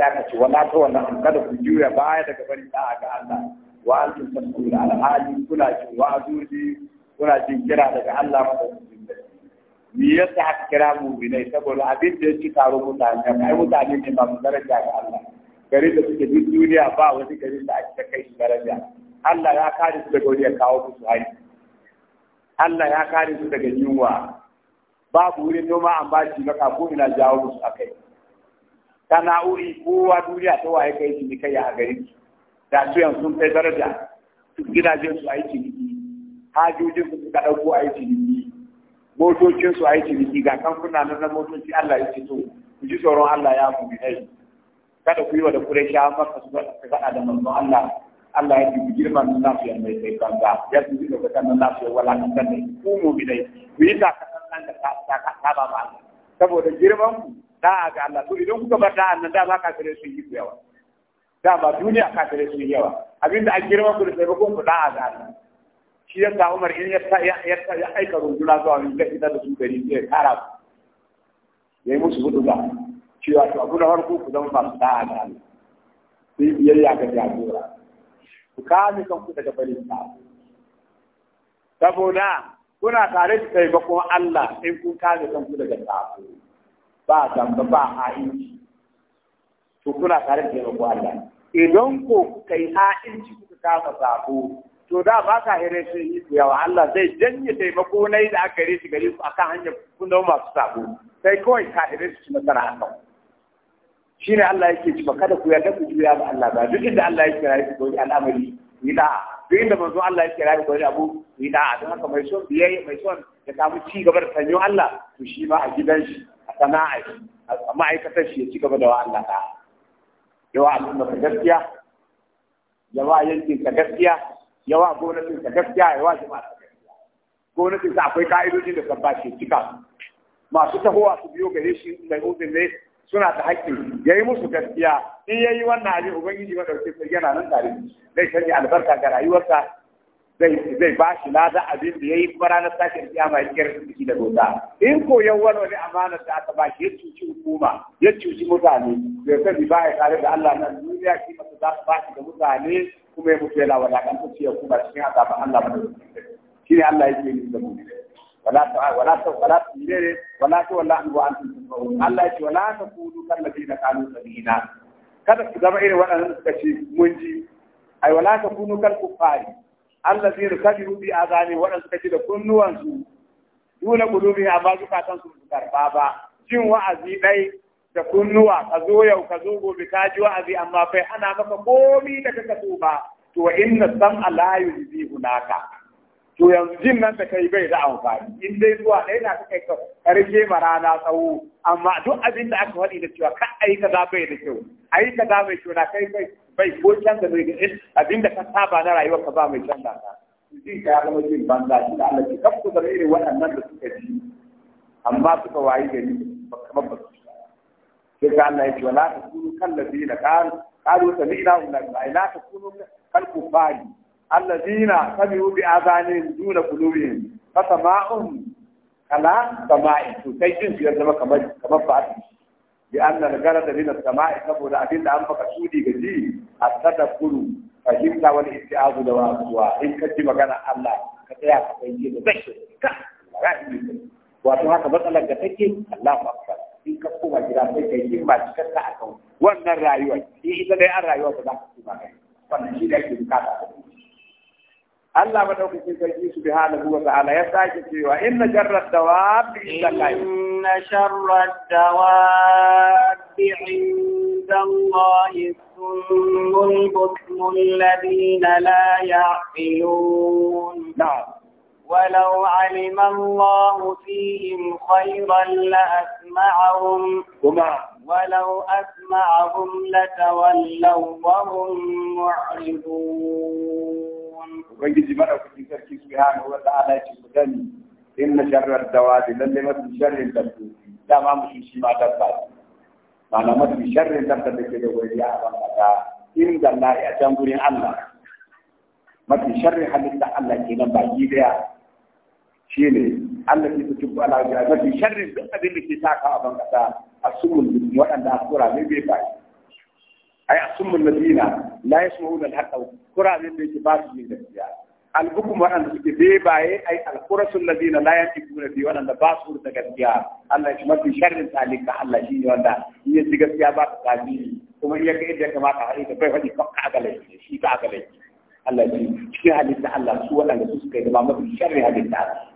da ce wala ta wannan kada ku juya baya daga bari ga Allah wa antum ala hali kuna jin wa'azuji kira daga Allah madaukakin me yasa aka kira ne saboda abin da yake taro mutane kai mutane ne mu daraja ga Allah gari da suke duk duniya ba wani gari da ake kai su daraja Allah ya kare su daga wani kawo musu hari Allah ya kare su daga yunwa babu wuri noma an ba shi maka ko ina jawo musu akai sana'o'i kowa duniya ta waye kai shi kai a garin da su yanzu sun kai daraja gidajen su aiki hajojin su suka dauko aiki motocinsu a yi ciniki ga kamfuna na na motoci Allah ya ce to ku ji tsoron Allah ya ku bi kada ku yi wa da kuresha maka su faɗa da manzo Allah Allah ya ji girman nafiya mai kai kanga ya ji da kan nafiya wala kan ne ku mu bi dai ku yi ta kan da ta ka ba ba saboda girman ku da'a ga Allah to idan kuka bar da'a nan da ba ka kare su yi yawa da ba duniya ka kare su yawa abinda a girman ku da taimakon ku da'a ga Allah shi ya sa Umar in ya aika runduna zuwa wani gaji da su gari zai kara su ya yi musu hudu ba cewa to abu na farko ku zama masu da'a da Allah sai biyayya ga jagora ku kame kanku daga farin ta saboda kuna tare da taimakon Allah in kun kame kanku daga sabo ba zamba ba ha'inci to kuna tare da taimakon Allah idan ko kai ha'inci kuka kama sabo to da ba ka hira shi iko yawa Allah zai janye taimako na da aka yi shi gare su akan hanyar kundin masu sabo sai kawai ka hira shi nasara a kan shi ne Allah yake ci kada ku yarda ku juya ba Allah ba duk inda Allah yake rayu ku al'amari ni da duk inda manzo Allah yake rayu ku abu ni da don haka mai son biyayya mai son ya samu ci gaba da sanyo Allah to shi ma a gidan shi a sana'a shi a ma'aikatar shi ya ci gaba da wa Allah ta yawa al'umma ka gaskiya yawa yankin ka gaskiya yawa gwamnatin ta gaskiya yawa jama'a ta gaskiya gwamnatin ta akwai ka'idoji da kan bashi cika masu tahowa su biyo gare shi mai uzun ne suna da haƙƙi yayi musu gaskiya in yayi wannan abin ubangiji madaukakin sai yana nan tare zai sanya albarka ga rayuwarsa zai ba shi lada abin da ya yi kuma ranar sashen kiyama ya kiyar ciki da gota in ko wani wani amanar da aka ba shi ya cuci hukuma ya cuci mutane da ya sani ba tare da Allah nan duniya kima su za su ba shi da mutane kuma ya mutu yana wadatantacce ya kuma cikin azaban Allah ba shi ne Allah yake nufi da mu wala ta wala ta wala ta wala ta wala an wa antum Allah ya ce wala ta kudu kan ladina qalu sabina kada ku zama irin waɗannan suka ce mun ji ai wala ta kunu kal kufari allazina kadiru bi zane waɗanda suka ce da kunnuwansu duna qulubi amma zukatan su su karba ba jin wa'azi dai da kunnuwa ka zo yau ka zo gobe ka ji wa'azi amma kai ana maka komi da kaka so ba to inna san alayu yuzi hunaka to yanzu jin nan da kai bai da amfani in dai zuwa ɗaya na kai ka ma marana tsawo amma duk abin da aka faɗi da cewa ka ai kaza bai da kyau ai kaza mai kyau na kai bai bai ko canza bai da abin da ka saba na rayuwar ka ba mai canza ka jin ka ya zama jin banza shi da Allah ke kafa da irin waɗannan da suka ji amma suka wayi gari kamar ba su sai ga Allah ya ce wala takunu kallazina qalu qalu sami'na wa la ilaha illa takunu kal kufari allazina sami'u bi azanin duna qulubihim fa sama'un kala sama'i to kai jin ya zama kamar kamar fa'ati bi anna al da min as-sama'i saboda abin da an faka sudi gaji at-tadabburu fahimta wal istiazu da wasuwa in ka ji magana Allah ka tsaya ka fahimce da zai ka wato haka matsalar ga take Allahu akbar in ka koma gida sai kai yin ba cikar ta akan wannan rayuwar in ita dai an rayuwa ba za ka koma kai wannan shi da ake bukata Allah madaukakin sarki subhanahu wa ta'ala ya sake cewa inna jarrad dawab indallahi inna sharrad dawab indallahi sunnul bukmul ladina la ya'qilun na'am ولو علم الله فيهم خيرا لأسمعهم أسمعهم ولو أسمعهم لتولوا وهم معرضون وبنجي مرة في تركي سبحانه وتعالى يقول إن شر الدواب للي ما في شر الدواب لا ما مش شيء ما دبات ما لا ما في شر الدواب اللي كده ويا أبغى إن الله يا جنبورين الله ما في شر حدث الله كنا بعيدة shine Allah ke ta tubu ala ga mafi sharrin duk abin da ke saka a ban kasa asumun waɗanda a kura ne bai bai ai asumun ladina la yasmauna al-haqqa kura ne da yake ba su ne gaskiya al-bukum waɗanda suke bai baye ai al-qurasul ladina la yantikuna bi waɗanda ba su da gaskiya Allah shi mafi sharrin talika Allah shi ne wanda in ya ji gaskiya ba ta tabi kuma in ya ga yadda kamata a ita bai faɗi ka agalai shi ka agalai Allah shi shi halitta Allah su waɗanda su suka yi da mafi sharrin halitta Allah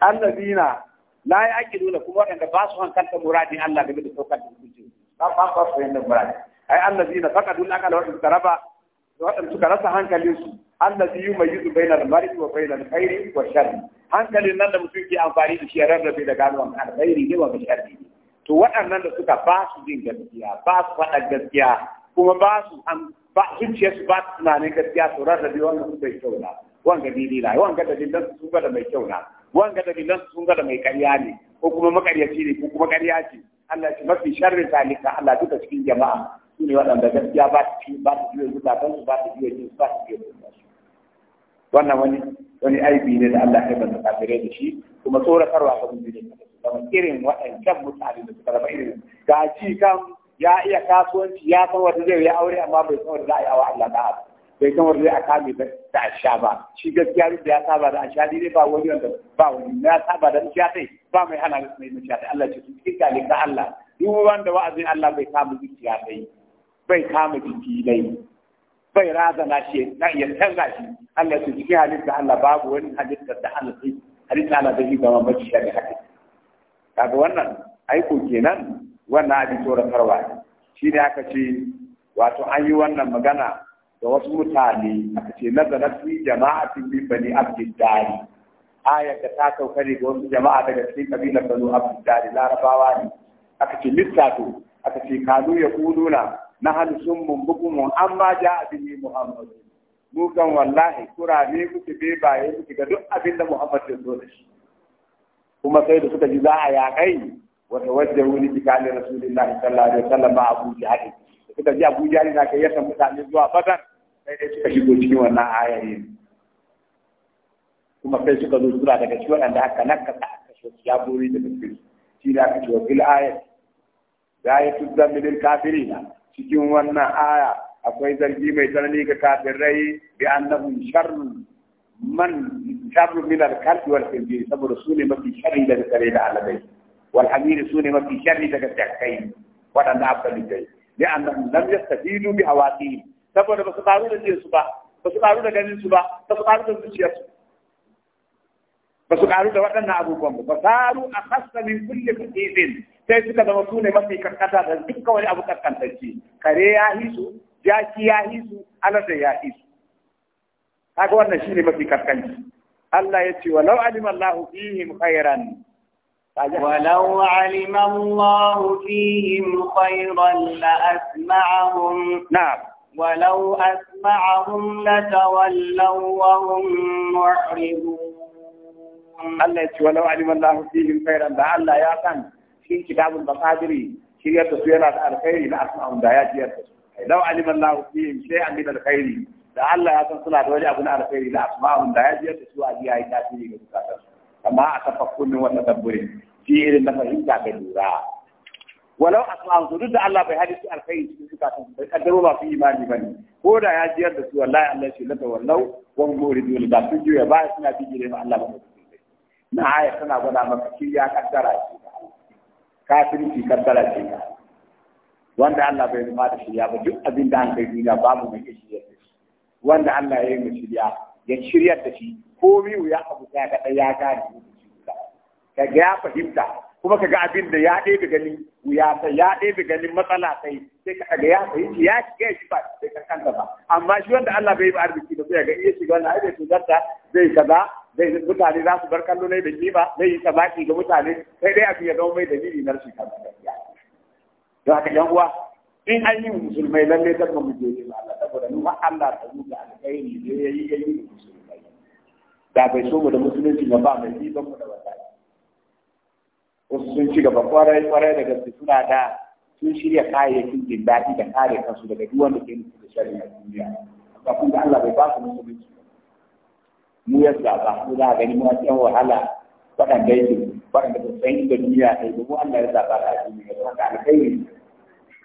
allazina la ya'qiluna kuma waɗanda ba su hankalta muradin Allah game da saukar da hukunci ba ba ba su yanda muradi ai allazina faqadul aqala wa taraba waɗanda suka rasa hankalinsu allazi yumayyizu bainal mar'i wa bainal khairi wa sharri hankalin nan da mutum ke amfani da shi da rarrabe da gano alkhairi ne wa sharri ne to waɗannan da suka ba su jin gaskiya ba su faɗa gaskiya kuma ba su ba zuciya su ba su tunanin gaskiya to rarrabe wannan su bai kyau na wanga dili na wanga da su ba da mai kyau na wanga da bilan sun ga da mai karya ne ko kuma makaryaci ne ko kuma ƙarya ce Allah shi mafi sharrin talika Allah duka cikin jama'a su ne waɗanda gaskiya ba su ci ba su biyo zukatan su ba su biyo jin ba su biyo su wannan wani wani aibi ne da Allah ya da kafirai da shi kuma tsoratarwa ga mun ne kamar irin waɗancan mutane da suka raba irin gaji kan ya iya kasuwanci ya san wata zai yi aure amma bai san wata za a yi awa Allah da'a bai kan wani a kame ba da a sha ba shi gaskiya duk da ya saba da a sha dai ba wani wanda ba wani na ya saba da sha dai ba mai hana da mai sha dai Allah ce su kika ne ka Allah duk wanda wa'azin Allah bai kama zuciya dai bai kama jiki dai bai razana shi na iya canza shi Allah su cikin halitta Allah babu wani halitta da Allah sai halitta Allah zai zama mace da haka kaga wannan aiko kenan wannan abin karwa shi ne aka ce wato an yi wannan magana ga wasu mutane aka ce na zanar fi jama'atin min bani abdiddari ayar da ta sauka ne ga wasu jama'a daga cikin kabilar banu abdiddari larabawa ne aka ce lissato aka ce kanu ya kuluna na hali sun mumbugu mu, an ba ja abin muhammadu mu kan wallahi kurame kuke baye kuke ga duk abin da muhammad ya zo da shi kuma sai da suka ji za a yaƙai wata wajen wani bikalin rasulillahi sallallahu alaihi wasallam a abu jihadi suka ji Abu Jahal na gayyata mutane zuwa Badar sai dai suka shigo cikin wannan ayayi kuma sai suka zo sura daga cikin waɗanda aka nakasa aka shi ya buri daga cikin shi da aka ce wa Da ya ayatul zambi lil kafirina cikin wannan aya akwai zargi mai tsanani ga kafirai bi annahum sharrun man sharru min al-kalbi wal khinzir saboda sune mafi sharri daga kare da aladai wal hamiri sune mafi sharri daga jakkai wadanda abdalikai li annahum lam yastadilu bi hawaqi saboda ba su karu da jinsu ba ba su karu da ganin su ba ba su karu da zuciyar su ba su karu da waɗannan abubuwan ba ba karu a kasta min kulle fitin sai suka zama su ne mafi karkata da dukkan wani abu karkantacce kare ya hisu jaki ya hisu alada ya hisu kaga wannan shine mafi karkanci Allah ya ce walau alima Allahu fihim khairan ولو علم الله فيهم خيرا لأسمعهم نعم ولو أسمعهم لتولوا وهم معرضون الله ولو علم الله فيهم خيرا لعل الله يا في كتاب المقادير شريعة سيرة الخير لأسمعهم بآيات يا لو علم الله فيهم شيئا من الخير لعل الله يا صلاة وجه أبن الخير لأسمعهم بآيات يا جيرت سوى جيائي kama a tafakkurin wata dabburin shi irin na fahimta ga lura walau asma'an su duk da Allah bai hadisi alkhairi cikin zukatan su bai kaddaro ba fi imani ba ne ko da ya jiyar da su wallahi Allah shi lata wallau wan gori dole da sun juya ba suna bijire ma Allah ba su na aya tana gwada maka shi ya kaddara shi kafirci kaddara shi ka wanda Allah bai zama da ya ba duk abin da an kai duniya babu mai shirya wanda Allah ya yi mai ya shirya da shi ko miyu ya abu ta ga ya gane ka ga ya fahimta kuma ka ga abin da ya ɗaya da ganin wuya sai ya ɗaya da ganin matsala sai sai ka ga ya fahimci ya shiga shi ba sai ka kanta ba amma shi wanda Allah bai yi arziki da sai ga iya shiga wannan aibe tuzarta zai kaza zai mutane za su bar kallo ne da ba zai yi tabaki ga mutane sai dai abin ya zama mai dalili na rashin kanta da haka yan uwa in an yi musulmai lalle tabba mu je ne Allah saboda ni Allah ta yi da alkhairi ya yi yayi da musulmai da bai so mu da musulunci ba ba mai ban mu da wallahi wasu sun ci gaba kwarai kwarai da gaske suna da sun shirya kayayyakin jin daɗi da kare kansu daga duk wanda ke nufi da shari'a duniya ba kun ga Allah bai ba su musulunci mu ya zaba mu za a gani mu a cikin wahala waɗanda yake waɗanda ba su san inda duniya ta yi ba mu Allah ya zaba ta duniya don haka alkhairi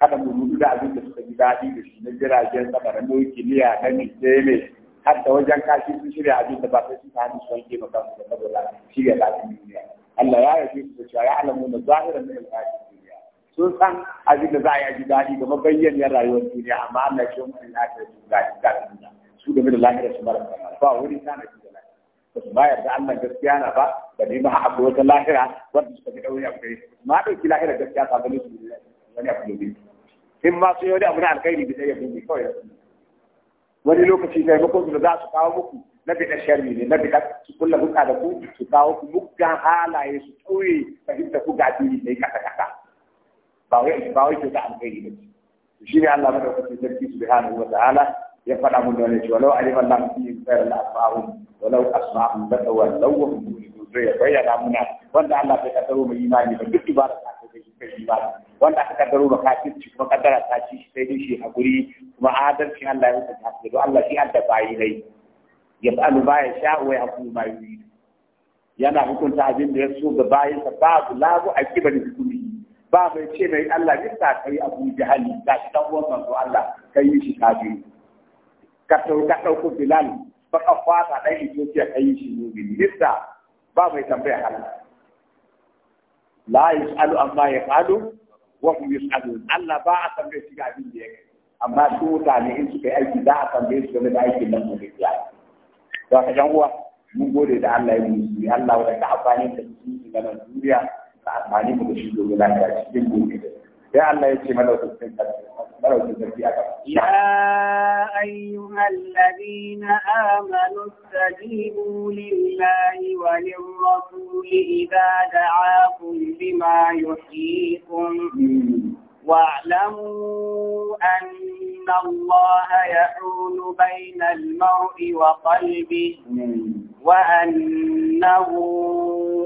kada mu mutu da abin da suka yi daɗi da shi na jiragen sama da nukiliya na ne, har da wajen kashi sun shirya abin da ba sai su ta hannu su wanke maka su da saboda shirya lafiyar duniya Allah ya yi su da cewa ya alamu na zahiran min al-hayatid duniya sun san abin da za a yi daɗi da mabayyaniyar rayuwar duniya amma Allah ya mun mu ina ta su da duniya su game da lafiyar su mara kuma. ba wani tana na da lafiya ba su bayar da Allah gaskiya na ba da ne ma abu wata lahira wanda suka fi ɗaure a kai ma ɗauki lahira gaskiya ta gani su wani abu da in ma su yi wani abu na alkhairi bi ya buɗe kawai wani lokaci taimakon su da za su kawo muku na bi sharri ne na bi su kulla muka da ku su kawo ku muggan halaye su tauye fahimta ku ga dini ne kasa kasa ba wai ba wai kyauta alkhairi ba shi ne Allah madaukakin sarki subhanahu wa ta'ala ya faɗa mun da wani cewa lau alim Allah fi khairu la asma'u wa law asma'u la tawallaw wa hum yuridu ya bayyana muna wanda Allah bai kasaro mai imani ba duk ibada kai suka yi ba wanda aka kaddaro ba kafirci kuma kaddara ta ci shi sai dai shi hakuri kuma adalci Allah ya rubuta haka don Allah shi adda bayi dai ya fa'alu ba ya sha wa ya hukumu ma yuridu yana hukunta abin da ya so ga bayin sa babu labu a kibari hukumi ba mai ce mai Allah ya sa kai Abu Jahal da shi dan uwan manzo Allah kai shi kafiri ka ɗauko Bilal baka fata ɗan Ethiopia kai shi mu'mini lissa ba mai tambaya Allah la yus'alu amma yaf'alu wa hum yus'alun Allah ba a tambaye shi ga abin da yake amma su mutane in suka yi aiki za a tambaye su game da aikin nan da yake to jan uwa mun gode da Allah ya musu Allah wanda ka amfani da su ga nan duniya ka amfani da shi domin gobe يا الله يا أيها الذين آمنوا استجيبوا لله وللرسول إذا دعاكم لما يحييكم واعلموا أن الله يحول بين المرء وقلبه وأنه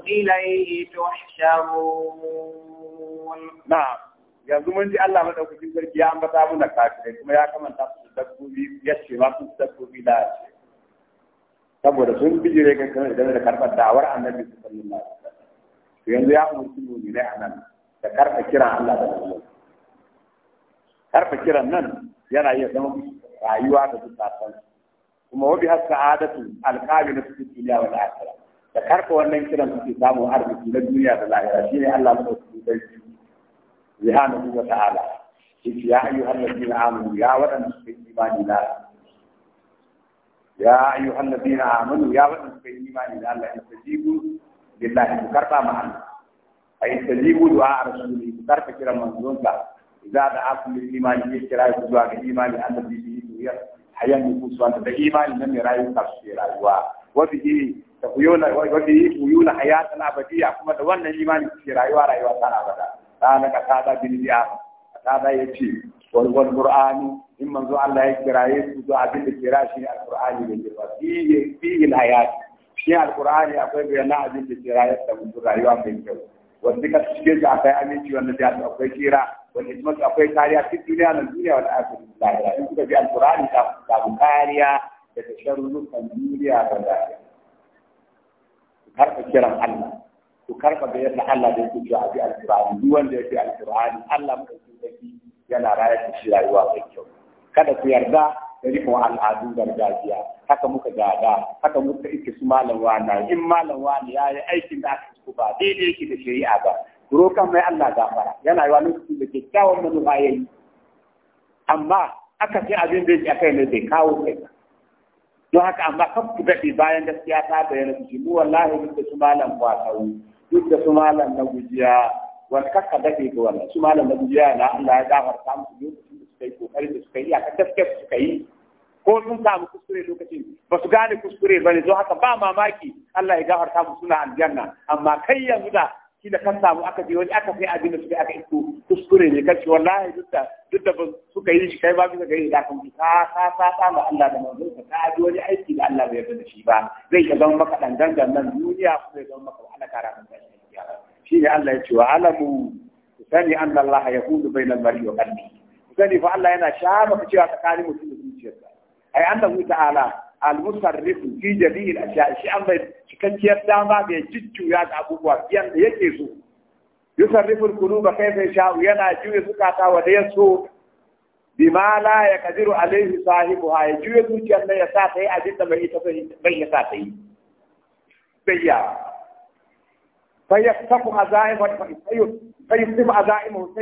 إليه تحشرون نعم yanzu mun ji Allah madaukakin sarki ya ambata muna kafirai kuma ya kamanta su da dabbobi ya ce ma su dabbobi da saboda sun bijire kan kan idan da karɓar da'awar annabi sallallahu alaihi wasallam to yanzu ya umarci mu'mini a nan da karɓa kiran Allah da Allah karɓa kiran nan yana iya zama rayuwa da zukatan kuma wabi har sa'adatu alqabila fi dunya wal akhirah da karɓa wannan kiran suke samun arziki na duniya da lahira ne Allah madaukakin sarki subhanahu wa ta'ala yace ya ayyuhal ladina amanu ya wadanda suka yi imani da ya ayyuhal ladina amanu ya wadanda suka yi imani da Allah istajibu lillahi ku karba ma Allah ay istajibu du'a rasuli ku karba kiran manzon ka idza da'akum lil imani yakira ku zuwa ga imani annabi bi ya hayan ku suwan da imani nan ne rayuwa tafsira rayuwa wafi ta kuyona wafi kuyona hayatan abadiya kuma da wannan imani ke rayuwa rayuwa ta abada kana katada bin bi'a katada yace wal wal qur'ani in manzo Allah ya kira ya su da abin da kira shi ne alqur'ani ne ba fiye fiye hayat shi alqur'ani akwai bayanan abin da kiraye da mun rayuwa mai kyau wanda ka cike da akwai aminci wanda ya da akwai kira wanda hikmatu akwai kariya cikin duniya nan duniya wal akhirah lahira in kuka bi alqur'ani ta ta kariya daga sharrukan duniya da lahira har ka kiran Allah ku karɓa da yadda Allah da yake zuwa bi alqur'ani duk wanda yake alqur'ani Allah mai tsaki yana rayar da shi rayuwa mai kyau kada ku yarda da rikon al'adun gargajiya haka muka gada haka muka ike su malam wani in malam wani ya yi aikin da aka ci ba daidai yake da shari'a ba kan mai Allah gafara yana yi wani lokacin da kyakkyawan manufa ya yi amma aka fi abin da yake akai ne bai kawo kai ba don haka amma kan ku daɗe bayan gaskiya ta bayyana su mu wallahi duk da su malam ba duk da su malam na gujiya wani kakka daɗe ga wani su malam na gujiya na Allah ya gafarta musu lokacin da suka yi kokari da suka yi a kan gaske suka yi ko sun samu kuskure lokacin ba su gane kuskure ba ne don haka ba mamaki Allah ya gafarta musu suna aljanna amma kai yanzu da kila kan samu aka je wani aka sai abin da suka aka isko kuskure ne kace wallahi duk da duk da suka yi shi kai ba bisa gari da kan ka ka ka ta ma Allah da manzon ka ka ji wani aiki da Allah bai yarda da shi ba zai ka zama maka dangangan nan duniya ko zai zama maka wahala kara kan ka shi ne Allah ya ce wa alamu sani anna Allah yaqulu bainal mar'i wa qalbi sani fa Allah yana ku cewa tsakanin mutum da zuciyarsa ai mu ta'ala al musarrifu fi al-ashya'i shi an bai cikakkiyar dama da ya jujjuya da abubuwa da yake so ba kai sai sha'u yana juya ta wa da ya so ma la alaihi sahibu ha ya juya zuciyar da ya sa ta yi abin da bai ita bai ya sa ta yi bayya fa fa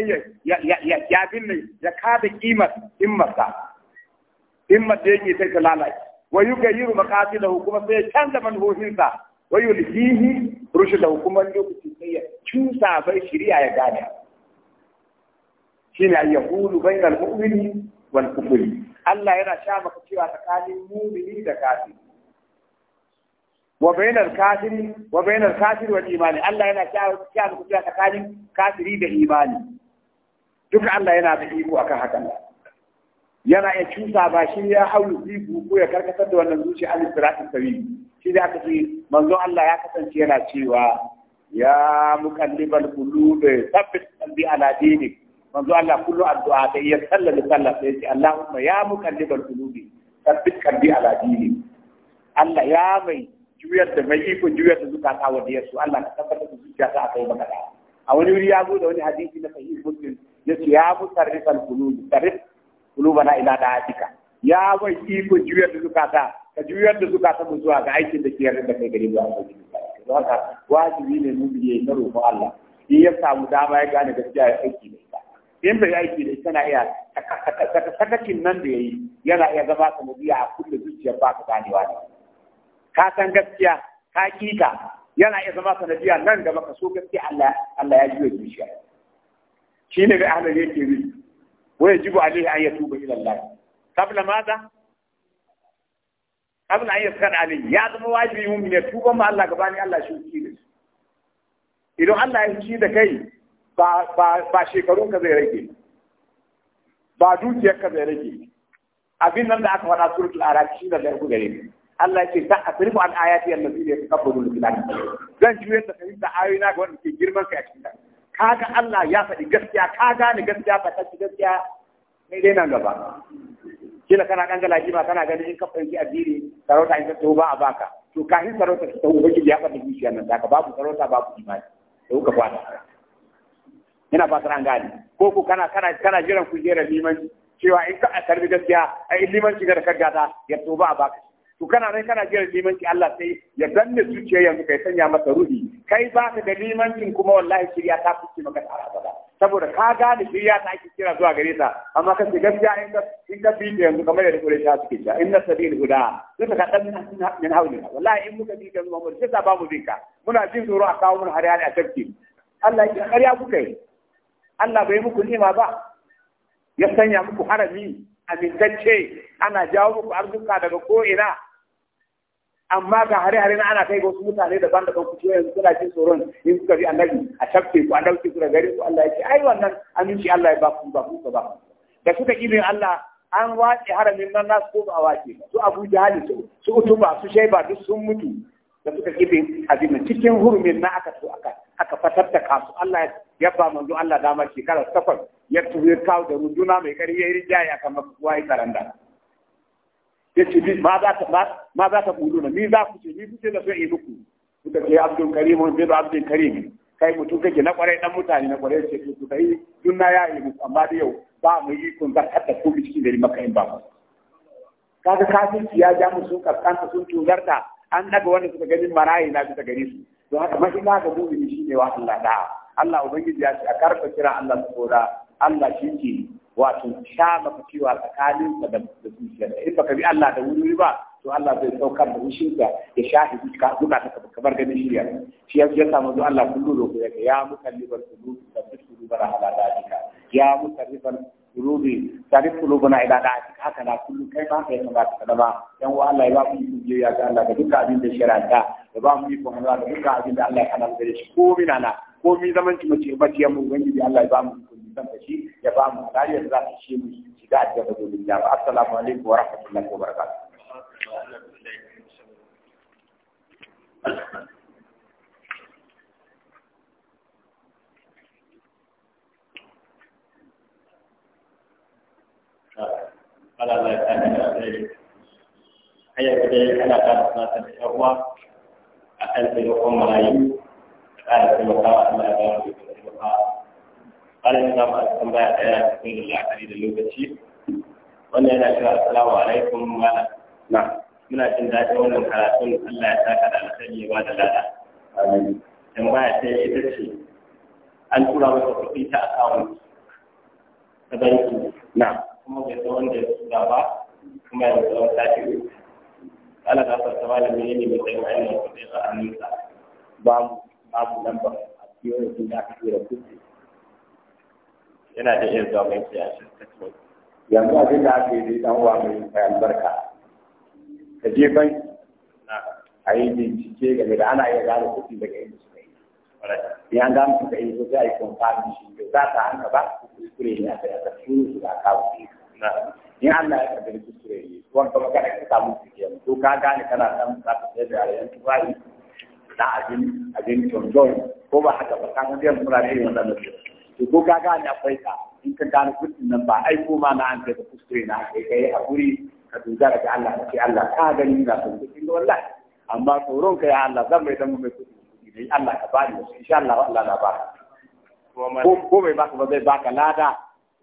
ya ya ya binne ya kada kimar himmarsa himmar da yake sai ta lalace wa yughayyiru da hukuma sai canza manhohinsa wa rushe da hukumar lokaci sai ya cusa bai shari'a ya gane shine ayyahulu bainal mu'mini wal kufri Allah yana sha maka cewa tsakanin mu'mini da kafiri Wabainar bainal kafiri wa kafiri wal imani Allah yana sha maka cewa tsakanin kafiri da imani duka Allah yana da iko akan hakan yana ya cusa ba shi ya haulu zibu ko ya karkatar da wannan zuci a lissirafin sami shi da aka ce manzo Allah ya kasance yana cewa ya mukallibal qulubi thabbit qalbi ala dinik manzo Allah kullu addu'a da ya Allah sallah sai ce Allahumma ya mukallibal qulubi thabbit qalbi ala dinik Allah ya mai juyar da mai iko juyar da zukata wa da su Allah ka tabbatar da zuciya ta akai magana a wani wuri ya zo da wani hadisi na sahih muslim ce ya mutarrifal qulubi tarif kulubana ila da'atika ya bai iko juyar da zukata ka juyar da zukata mu zuwa ga aikin da ke yarda da kai gari ba don haka wajibi ne mu biye na roƙo Allah in ya samu dama ya gane gaskiya ya aiki da ita in bai aiki da ita na iya sakakin nan da yayi yana iya zama sanadiyya a kulle zuciyar ba ka ganewa ne ka san gaskiya ka kika yana iya zama sanadiyya nan gaba ka so gaskiya Allah Allah ya juya zuciya shi ne ga ahlul yake rubuta ويجب عليه أن يتوب إلى الله قبل ماذا؟ قبل أن يسكن عليه يا زما واجب يوم يتوب ما الله قباني الله شو كيدس إذا الله يشي da kai ba ba ba shekarun ka zai rage ba dukiyar ka zai rage abin nan da aka faɗa suratul araf shi da zai gare ni Allah ce ta asrifu an ayati allati yakabbalu lil zan juyar da kai da ayoyina ga wanda ke girman kai a cikin kaga Allah ya faɗi gaskiya ka gane gaskiya ka tashi gaskiya mai dai nan gaba kila kana kan galaji ba kana ganin in kafa fahimci addini sarauta in ka ba a baka to yi sarauta ta tsoho baki ya faɗi zuciya nan da ka babu sarauta babu imani da kuka fada ina fatar an gane ko ko kana kana kana jiran kujerar limanci cewa in ka a karbi gaskiya a yi limanci ga da gata, ya tsoho a baka ku kana nan kana jira limanci Allah sai ya danne zuciya yanzu kai sanya masa ruhi kai ba ka da limancin kuma wallahi shirya ta fice maka tsara ba saboda ka gane shirya ta ake kira zuwa gare ta amma ka ce gaskiya in ka in ka bi yanzu kamar da kure ta suke cewa inna sabil huda sai ka dan na hauni wallahi in muka bi kan mu sai ba mu dinka muna jin tsoro a kawo mun hariyani a tafki Allah ya karya kuka yi Allah bai muku nima ba ya sanya muku harami amintacce ana jawo muku arzuka daga ko ina amma ga hare-hare na ana kai ga wasu mutane da ban daban kan ciwo yanzu suna jin tsoron in suka bi annabi a tafke ku an dauke su da gari ku Allah ya ce ai wannan aminci Allah ya ba ku ba ku ba da suka kibin Allah an wace haramin nan nasu ko ba wace su Abu hali su su Utuba su Shaiba duk sun mutu da suka kibin azimin cikin hurumin na aka so aka aka fatattaka kasu Allah ya ba manzo Allah damar shekara takwas ya tuwe kawo da runduna mai kari ya yi rijaya kamar kuwa yi karanda ya ce ma za ta kulu na ni za ku ce ni kuke da son yi muku suka ce abdul karim wani bai da abdul karim kai mutum kake na kwarai dan mutane na kwarai ce ku kai tun na yayi muku amma da yau ba mu yi kun zar hatta ku cikin gari maka in ba ku kaga kafirci ya ja mu sun kaskanta sun tuzarta an daga wanda suka gani marayi na bisa gani su don haka mahimma ga mu'mini shine wa Allah da Allah ubangiji ya ce a karfa kira Allah saboda Allah shi ke wato shaga tsakanin ka da zuciya in baka bi Allah da wuri ba to Allah zai saukar da shi wushinka ya shahi duka duka ta kamar ganin shirya shi ya ya samu Allah kullu roko ya ya mukallibar da sabbit qulubana ala dalika ya mukarriban qulubi sarif qulubana ila dalika haka na kullu kai ba kai kamar ka ba? dan wa Allah ya ba mu yi ya ga Allah da duka abin da shari'a ya ba mu yi ko da duka abin da Allah ya kana da shi ko mina na ko mi zaman ci mace bace mu ubangiji Allah ya ba mu san da shi ya ba mu alariya za ta shi mu shiga a cikin domin jawo assalamu alaikum wa rahmatullahi wa barakatuh ala ma ta ne da dai haya da dai ana ta na ta da uwa akan taimakon marayu da ƙara taimakawa Allah ya ba mu da taimakawa ana shiga masu baya ɗaya cikin la'akari da lokaci wannan yana cewa assalamu alaikum malam na muna jin daɗin wannan karatun Allah ya saka da alkhairi ya bada lada tambaya ta ita ce an tura masa kuɗi ta akawun ta banki na kuma bai zo wanda ya tura ba kuma ya tsawon sati uku ana da fasa ba da menene mai tsayin ainihin kuɗi a hannunsa babu babu lambar a cikin da aka tura kuɗi yana da iya zuwa mai siya shi yanzu abin da ake yi dan uwa mai albarka ka je banki a yi bincike game da ana iya gane kuɗi daga inda suka yi ya ga mu suka yi so sai a yi kwamfani shi da za ka hanka ba kuskure ne a tsaye a tsuru su da kawo ne in Allah ya karbi kuskure ne kuma kuma kana ka samu kuɗi to ka gane kana san za ka sayar da yaren tufafi da abin abin tonjon ko ba haka ba kan biyan fura ne wannan da to ko ka gane akwai ka in ka gane kudin nan ba ai ko ma na an kai ka kuskure na kai kai guri ka dogara ga Allah ki Allah ka gani na Kin ga wallahi amma tsoron kai Allah zan mai dan mai kudi dai Allah ka bani insha Allah Allah na baka ko bai baka ba zai baka lada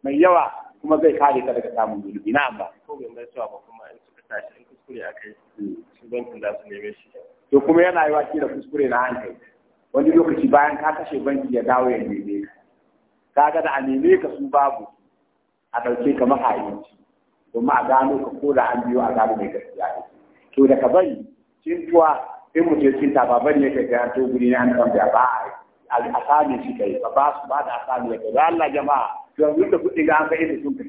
mai yawa kuma zai kare ka daga samun zunubi na amma ko bai mai cewa ba kuma in suka tashi in kuskure akai hmm. shugabancin da su neme shi to kuma yana yi wa da kuskure na hankali wani lokaci bayan ka kashe banki ya dawo ya nemi kaga da a neme ka su babu a ɗauke ka mahayinci domin a gano ka ko da an biyo a gano mai gaskiya ne to da ka bari tuwa, in mu je cinta ta bari ne ka ga to guri ne an da ba a sami shi kai ba ba su ba da asami ya kai Allah jama'a to yanzu da kuɗi ga an ga inda sun ka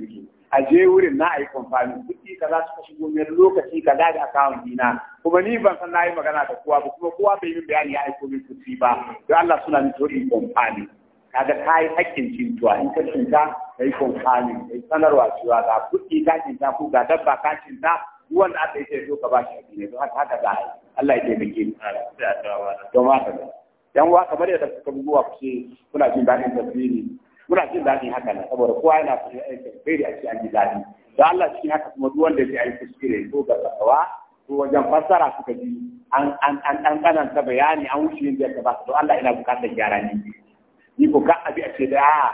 a je wurin na yi kamfani kuɗi za su ka shigo mai lokaci ka da akawun dina kuma ni ban san na yi magana da kowa ba kuma kowa bai yi bayani ya aiko min kuɗi ba don Allah suna ni to in kamfani kaga ka yi hakkin cintuwa in ka cinta ka yi kwamfani ka yi sanarwa cewa ga kuɗi ka cinta ko ga dabba ka cinta wanda aka yi sai so ka ba shi hakki ne don haka haka za a yi Allah ya taimake mu don haka ne dan wa kamar yadda suka buguwa ku ce kuna jin daɗin tafsiri muna jin daɗin haka nan saboda kowa yana son aikin alheri a cikin ji daɗi da Allah cikin haka kuma duk wanda ya yi kuskure ko ga tsawa ko wajen fassara suka ji an an an kananta bayani an wuce yin da ya ba don Allah ina bukatar gyara ne ni ko ka abi a ce da a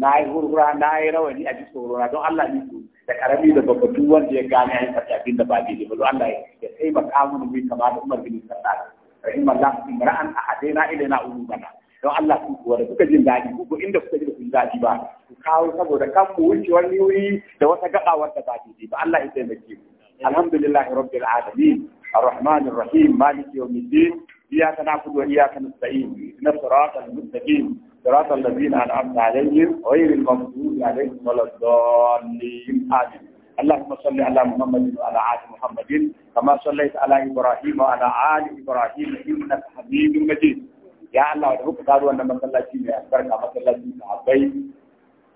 na yi hurhura na yi rawani a ji hurhura don Allah ne ko da karami da babbatu wanda ya gane a tafi abin da ba daidai ba don Allah ya sai ba kamun mu kama da Umar bin Khattab na ile na uru bana don Allah ku kuwa da kuka jin daɗi ko inda kuka ji da kun daɗi ba ku kawo saboda kan ku wuce wani wuri da wata gaɓawar da ba daidai ba Allah ya taimake ku alhamdulillahi rabbil alamin الرحمن الرحيم مالك يوم الدين إياك نعبد وإياك نستعين اهدنا الصراط المستقيم صراط الذين أنعمت عليهم غير المغضوب عليهم ولا الضالين آمين اللهم صل على محمد وعلى آل محمد كما صليت على إبراهيم وعلى آل إبراهيم إنك حميد مجيد يا الله ادعوك قالوا أن مسلاتي من أكبرك مسلاتي من أبي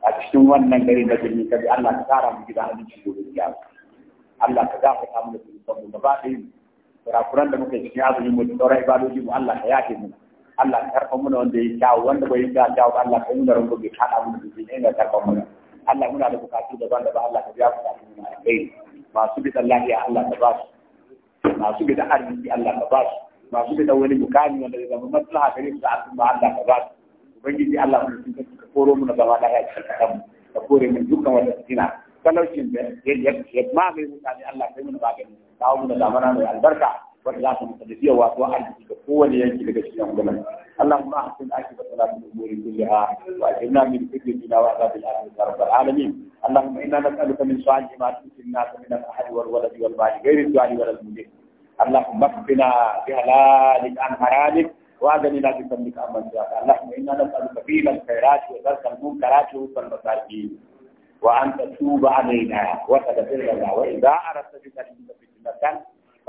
أتشتم وأن غير مجيد كبي الله كتارا من كده أن يشهد الجامع الله كذاك كامل في الصبر وبعدين ورا قرآن لما كنت في عظيم وتورا إبادوجي الله حياتي منه Allah karɓa muna wanda ya kyawu wanda bai yi kyawu Allah kai muna rungu bai kaɗa muna bibi ne ga karɓa muna Allah muna da bukatu daban daban Allah ka biya bukatu muna a kai masu bi bidan lafiya Allah ka ba su masu bi bidan arziki Allah ka ba su masu bi bidan wani mukami wanda zai zama maslaha gare su da al'umma Allah ka ba su ubangiji Allah mun sun ka koro muna zama lafiya cikin kasan ka kore mun dukkan wata fitina talaucin da ya mamaye mutane Allah kai muna magani kawo muna zamana mai albarka وإلى المقدسية وأرجو بقوة لينكي لك الشيء عندنا اللهم أحسن عاقبة صلاة الأمور كلها وأجرنا من كل دنا وعذاب الآخرة يا رب العالمين اللهم إنا نسألك من صالح ما تؤتي الناس من الأحد والولد والمال غير الدعاء ولا المدير اللهم اكفنا بهلالك عن حرامك وأغننا بفضلك عمن سواك اللهم إنا نسألك فيل الخيرات وترك المنكرات وحب المساكين وأن تتوب علينا وتغفر لنا وإذا أردت بك أن تفتنة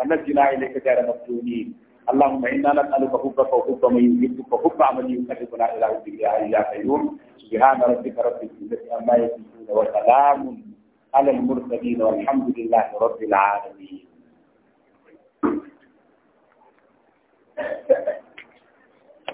ونجنا إليك غير مفتونين اللهم إنا نسألك حبك وحب من يحبك وحب من يقربنا إلى حبك يا حي يا قيوم سبحان ربك رب العزة عما يصفون وسلام على المرسلين والحمد لله رب العالمين.